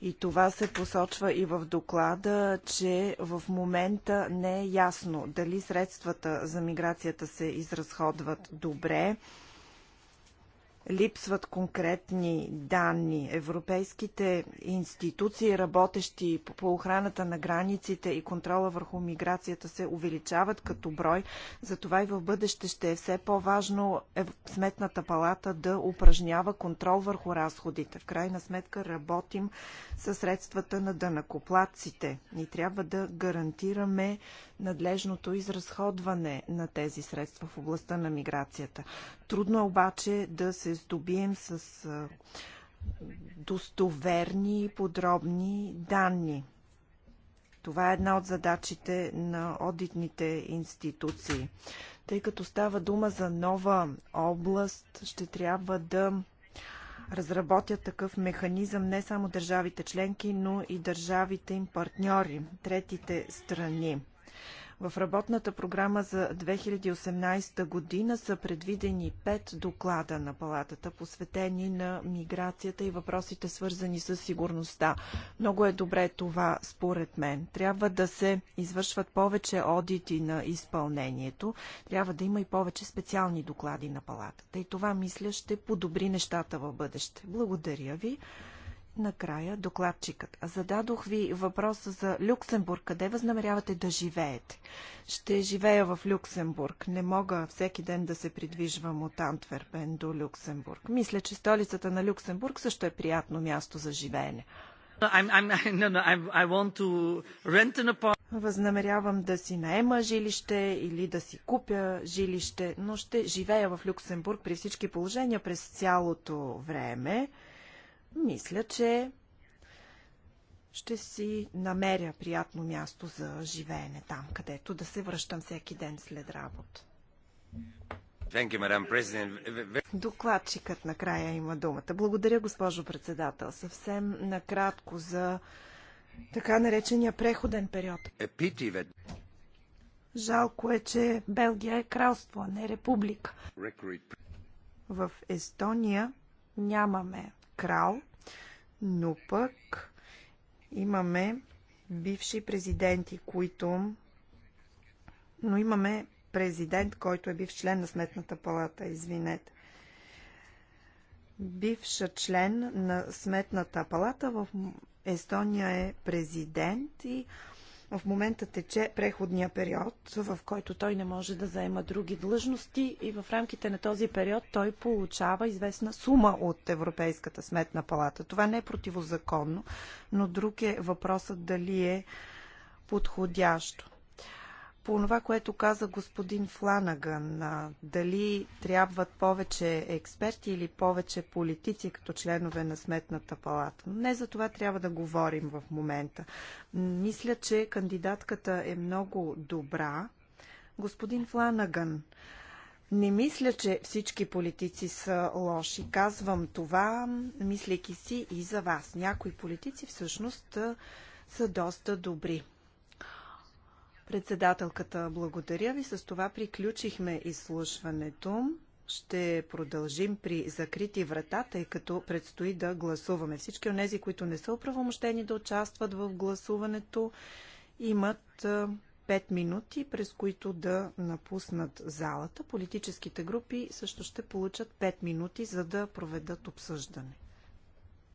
и това се посочва и в доклада, че в момента не е ясно дали средствата за миграцията се изразходват добре липсват конкретни данни. Европейските институции, работещи по охраната на границите и контрола върху миграцията се увеличават като брой, затова и в бъдеще ще е все по-важно Сметната палата да упражнява контрол върху разходите. В крайна сметка работим със средствата на дънакоплаците. и трябва да гарантираме надлежното изразходване на тези средства в областта на миграцията. Трудно е обаче да се здобием с достоверни и подробни данни. Това е една от задачите на одитните институции. Тъй като става дума за нова област, ще трябва да разработят такъв механизъм не само държавите членки, но и държавите им партньори, третите страни. В работната програма за 2018 година са предвидени пет доклада на палатата, посветени на миграцията и въпросите свързани с сигурността. Много е добре това, според мен. Трябва да се извършват повече одити на изпълнението. Трябва да има и повече специални доклади на палатата. И това, мисля, ще подобри нещата в бъдеще. Благодаря ви. Накрая докладчикът. Зададох ви въпроса за Люксембург. Къде възнамерявате да живеете? Ще живея в Люксембург. Не мога всеки ден да се придвижвам от Антверпен до Люксембург. Мисля, че столицата на Люксембург също е приятно място за живеене. [LAUGHS] Възнамерявам да си наема жилище или да си купя жилище, но ще живея в Люксембург при всички положения през цялото време мисля, че ще си намеря приятно място за живеене там, където да се връщам всеки ден след работа. Докладчикът накрая има думата. Благодаря, госпожо председател. Съвсем накратко за така наречения преходен период. Жалко е, че Белгия е кралство, а не република. В Естония нямаме крал, но пък имаме бивши президенти, които... Но имаме президент, който е бив член на Сметната палата, извинете. Бивша член на Сметната палата в Естония е президент и в момента тече преходния период, в който той не може да заема други длъжности и в рамките на този период той получава известна сума от Европейската сметна палата. Това не е противозаконно, но друг е въпросът дали е подходящо по това, което каза господин Фланаган, дали трябват повече експерти или повече политици като членове на Сметната палата. Не за това трябва да говорим в момента. Мисля, че кандидатката е много добра. Господин Фланаган, не мисля, че всички политици са лоши. Казвам това, мислейки си и за вас. Някои политици всъщност са доста добри. Председателката, благодаря ви. С това приключихме изслушването. Ще продължим при закрити врата, тъй като предстои да гласуваме. Всички от тези, които не са оправомощени да участват в гласуването, имат 5 минути, през които да напуснат залата. Политическите групи също ще получат 5 минути, за да проведат обсъждане.